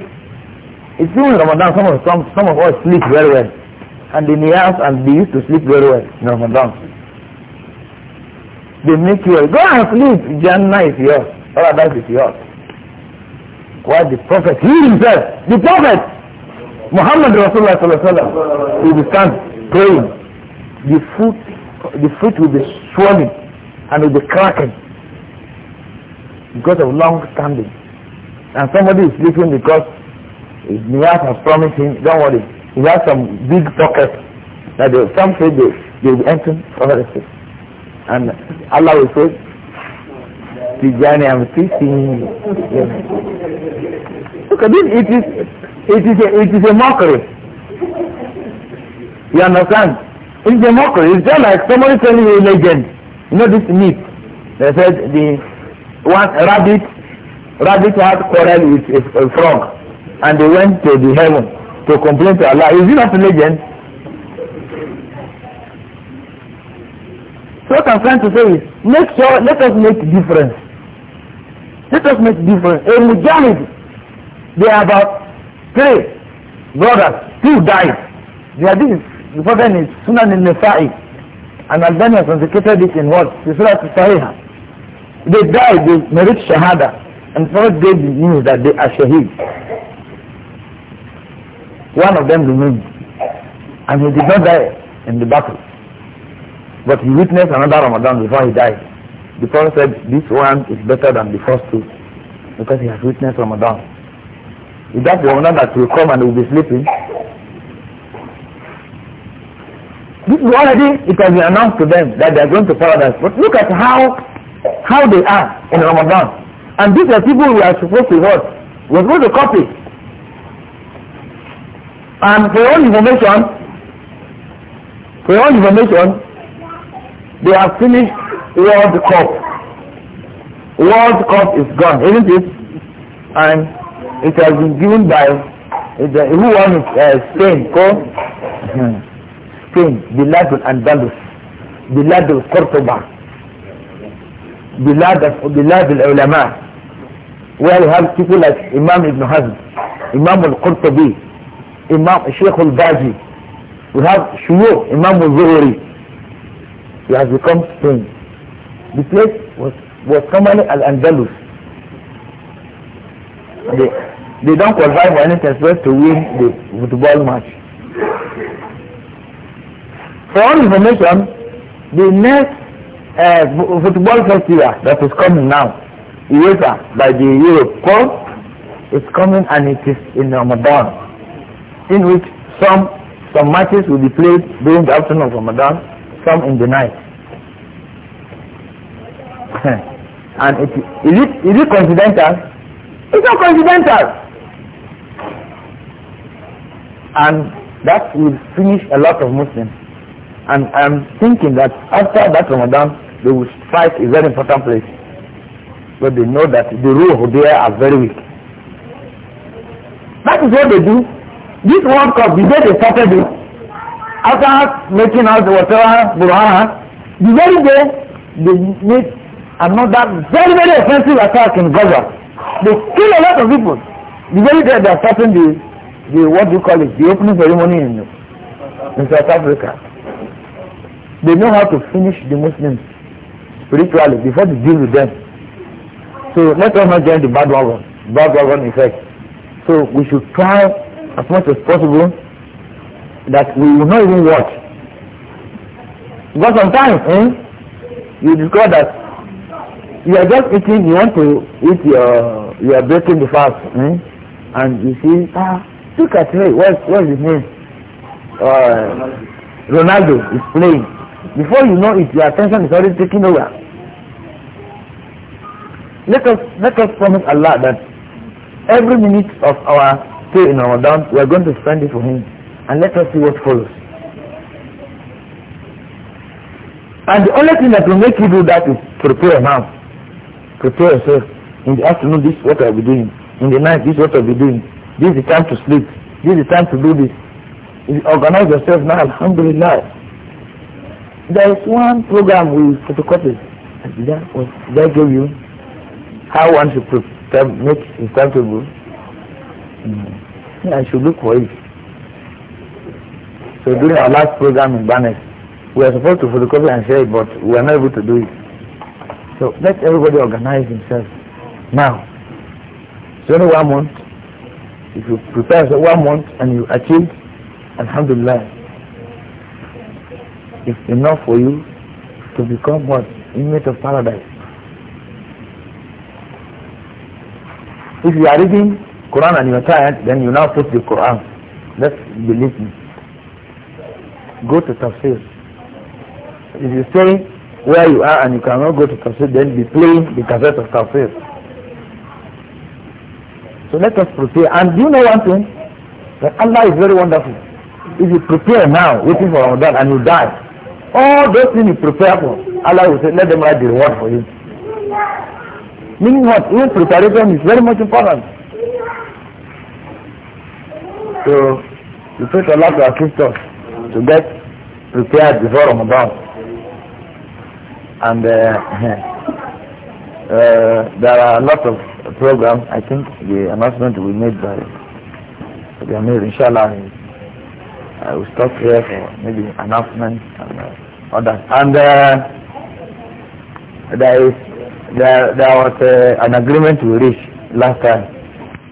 Speaker 1: It's even Ramadan, some of, some, some of us sleep very well. And the Niyaz and they used to sleep very well in Ramadan. They make you, go and sleep, Jannah is yours, paradise is yours why the prophet he himself the prophet muhammad rasulullah sallallahu alaihi wasallam will be stand praying the foot the foot will be swelling and will be cracking because of long standing and somebody is sleeping because his niyat has promised him don't worry he has some big pocket that they, some say they, they will enter for and Allah will say Tijani, I'm teaching you. Look at this, it is, it is, a, it is a mockery. You understand? It's a mockery. It's just like somebody telling you a legend. You know this myth. They said the one rabbit, rabbit had quarrel with a, a frog, and they went to the heaven to complain to Allah. Is it not a legend? So what I'm trying to say is, make sure, let us make difference. Let us make difference. A Mujahid, they are about three brothers, two died. They are this, the prophet is Sunan al-Nasa'i. And Albani has consecrated it in what? The Surah Sahih. They died, they merit Shahada. And the prophet gave the news that they are Shaheed. One of them remained. And he did not die in the battle. But he witnessed another Ramadan before he died. The Prophet said, this one is better than the first two because he has witnessed Ramadan. Is that the Ramadan that will come and will be sleeping? This is already, it has been announced to them that they are going to paradise. But look at how how they are in Ramadan. And these are people we are supposed to watch. We're supposed to copy. And for all information, for all information, they have finished World Cup. World Cup is gone, isn't it? And it has been given by who won it? Uh, Spain. Go. Spain. Bilad al-Andalus. land of cordoba land of ulama Where you have people like Imam Ibn Hazm, Imam al-Qurtubi, Imam Sheikh al-Baji. We have Shuyukh, Imam al-Zuhri. He has become Spain. The place was, was commonly Al-Andalus. They, they don't qualify for anything except to win the football match. For all information, the next uh, football festival that is coming now, UEFA by the Europe Cup, is coming and it is in Ramadan, in which some some matches will be played during the afternoon of Ramadan, some in the night. And it, is it is it coincidental? It's not coincidental. And that will finish a lot of Muslims. And I'm thinking that after that Ramadan, they will fight a very important place. But they know that the rules there are very weak. That is what they do. This World Cup, the day they started it, after making us whatever Burhana, the very day they made another very, very offensive attack in Gaza. They kill a lot of people. The very day they are starting the, the what do you call it, the opening ceremony in,
Speaker 2: in
Speaker 1: South Africa. They know how to finish the Muslims spiritually before they deal with them. So let us not join the bad wagon, bad wagon effect. So we should try as much as possible that we will not even watch. Because sometimes, eh, you discover that you are just eating you want to eat your you are breaking the fast hmm? and you see ah look at me what what is his name uh, ronaldo is playing before you know it your attention is already taken over let us let us promise allah that every minute of our stay in ramadan we are going to spend it for him and let us see what follows and the only thing that will make you do that is prepare now prepare yourself. In the afternoon, this is what I'll be doing. In the night, this is what I'll be doing. This is the time to sleep. This is the time to do this. You organize yourself now, alhamdulillah. There is one program we photocopy. That was that gave you how one should prepare, make his timetable. Mm. I should look for it. So during our last program in Banes, we were supposed to photocopy and share it, but we were not able to do it. So let everybody organize themselves now. So only one month. If you prepare for one month and you achieve, Alhamdulillah, it's enough for you to become what? Inmate of paradise. If you are reading Quran and you are tired, then you now put the Quran. Let's believe me. Go to Tafsir. If you say where you are and you cannot go to tafsir then be playing the cassette of tafsir so let us prepare and do you know one thing that Allah is very wonderful if you prepare now waiting for Ramadan and you die all those things you prepare for Allah will say let them write the reward for you meaning what even preparation is very much important so we pray to Allah to assist us to get prepared before Ramadan and uh, uh, there are a lot of programs. I think the announcement we made by the Amir, inshallah, I will stop here for maybe announcement and uh, And uh, there is there there was uh, an agreement we reached last time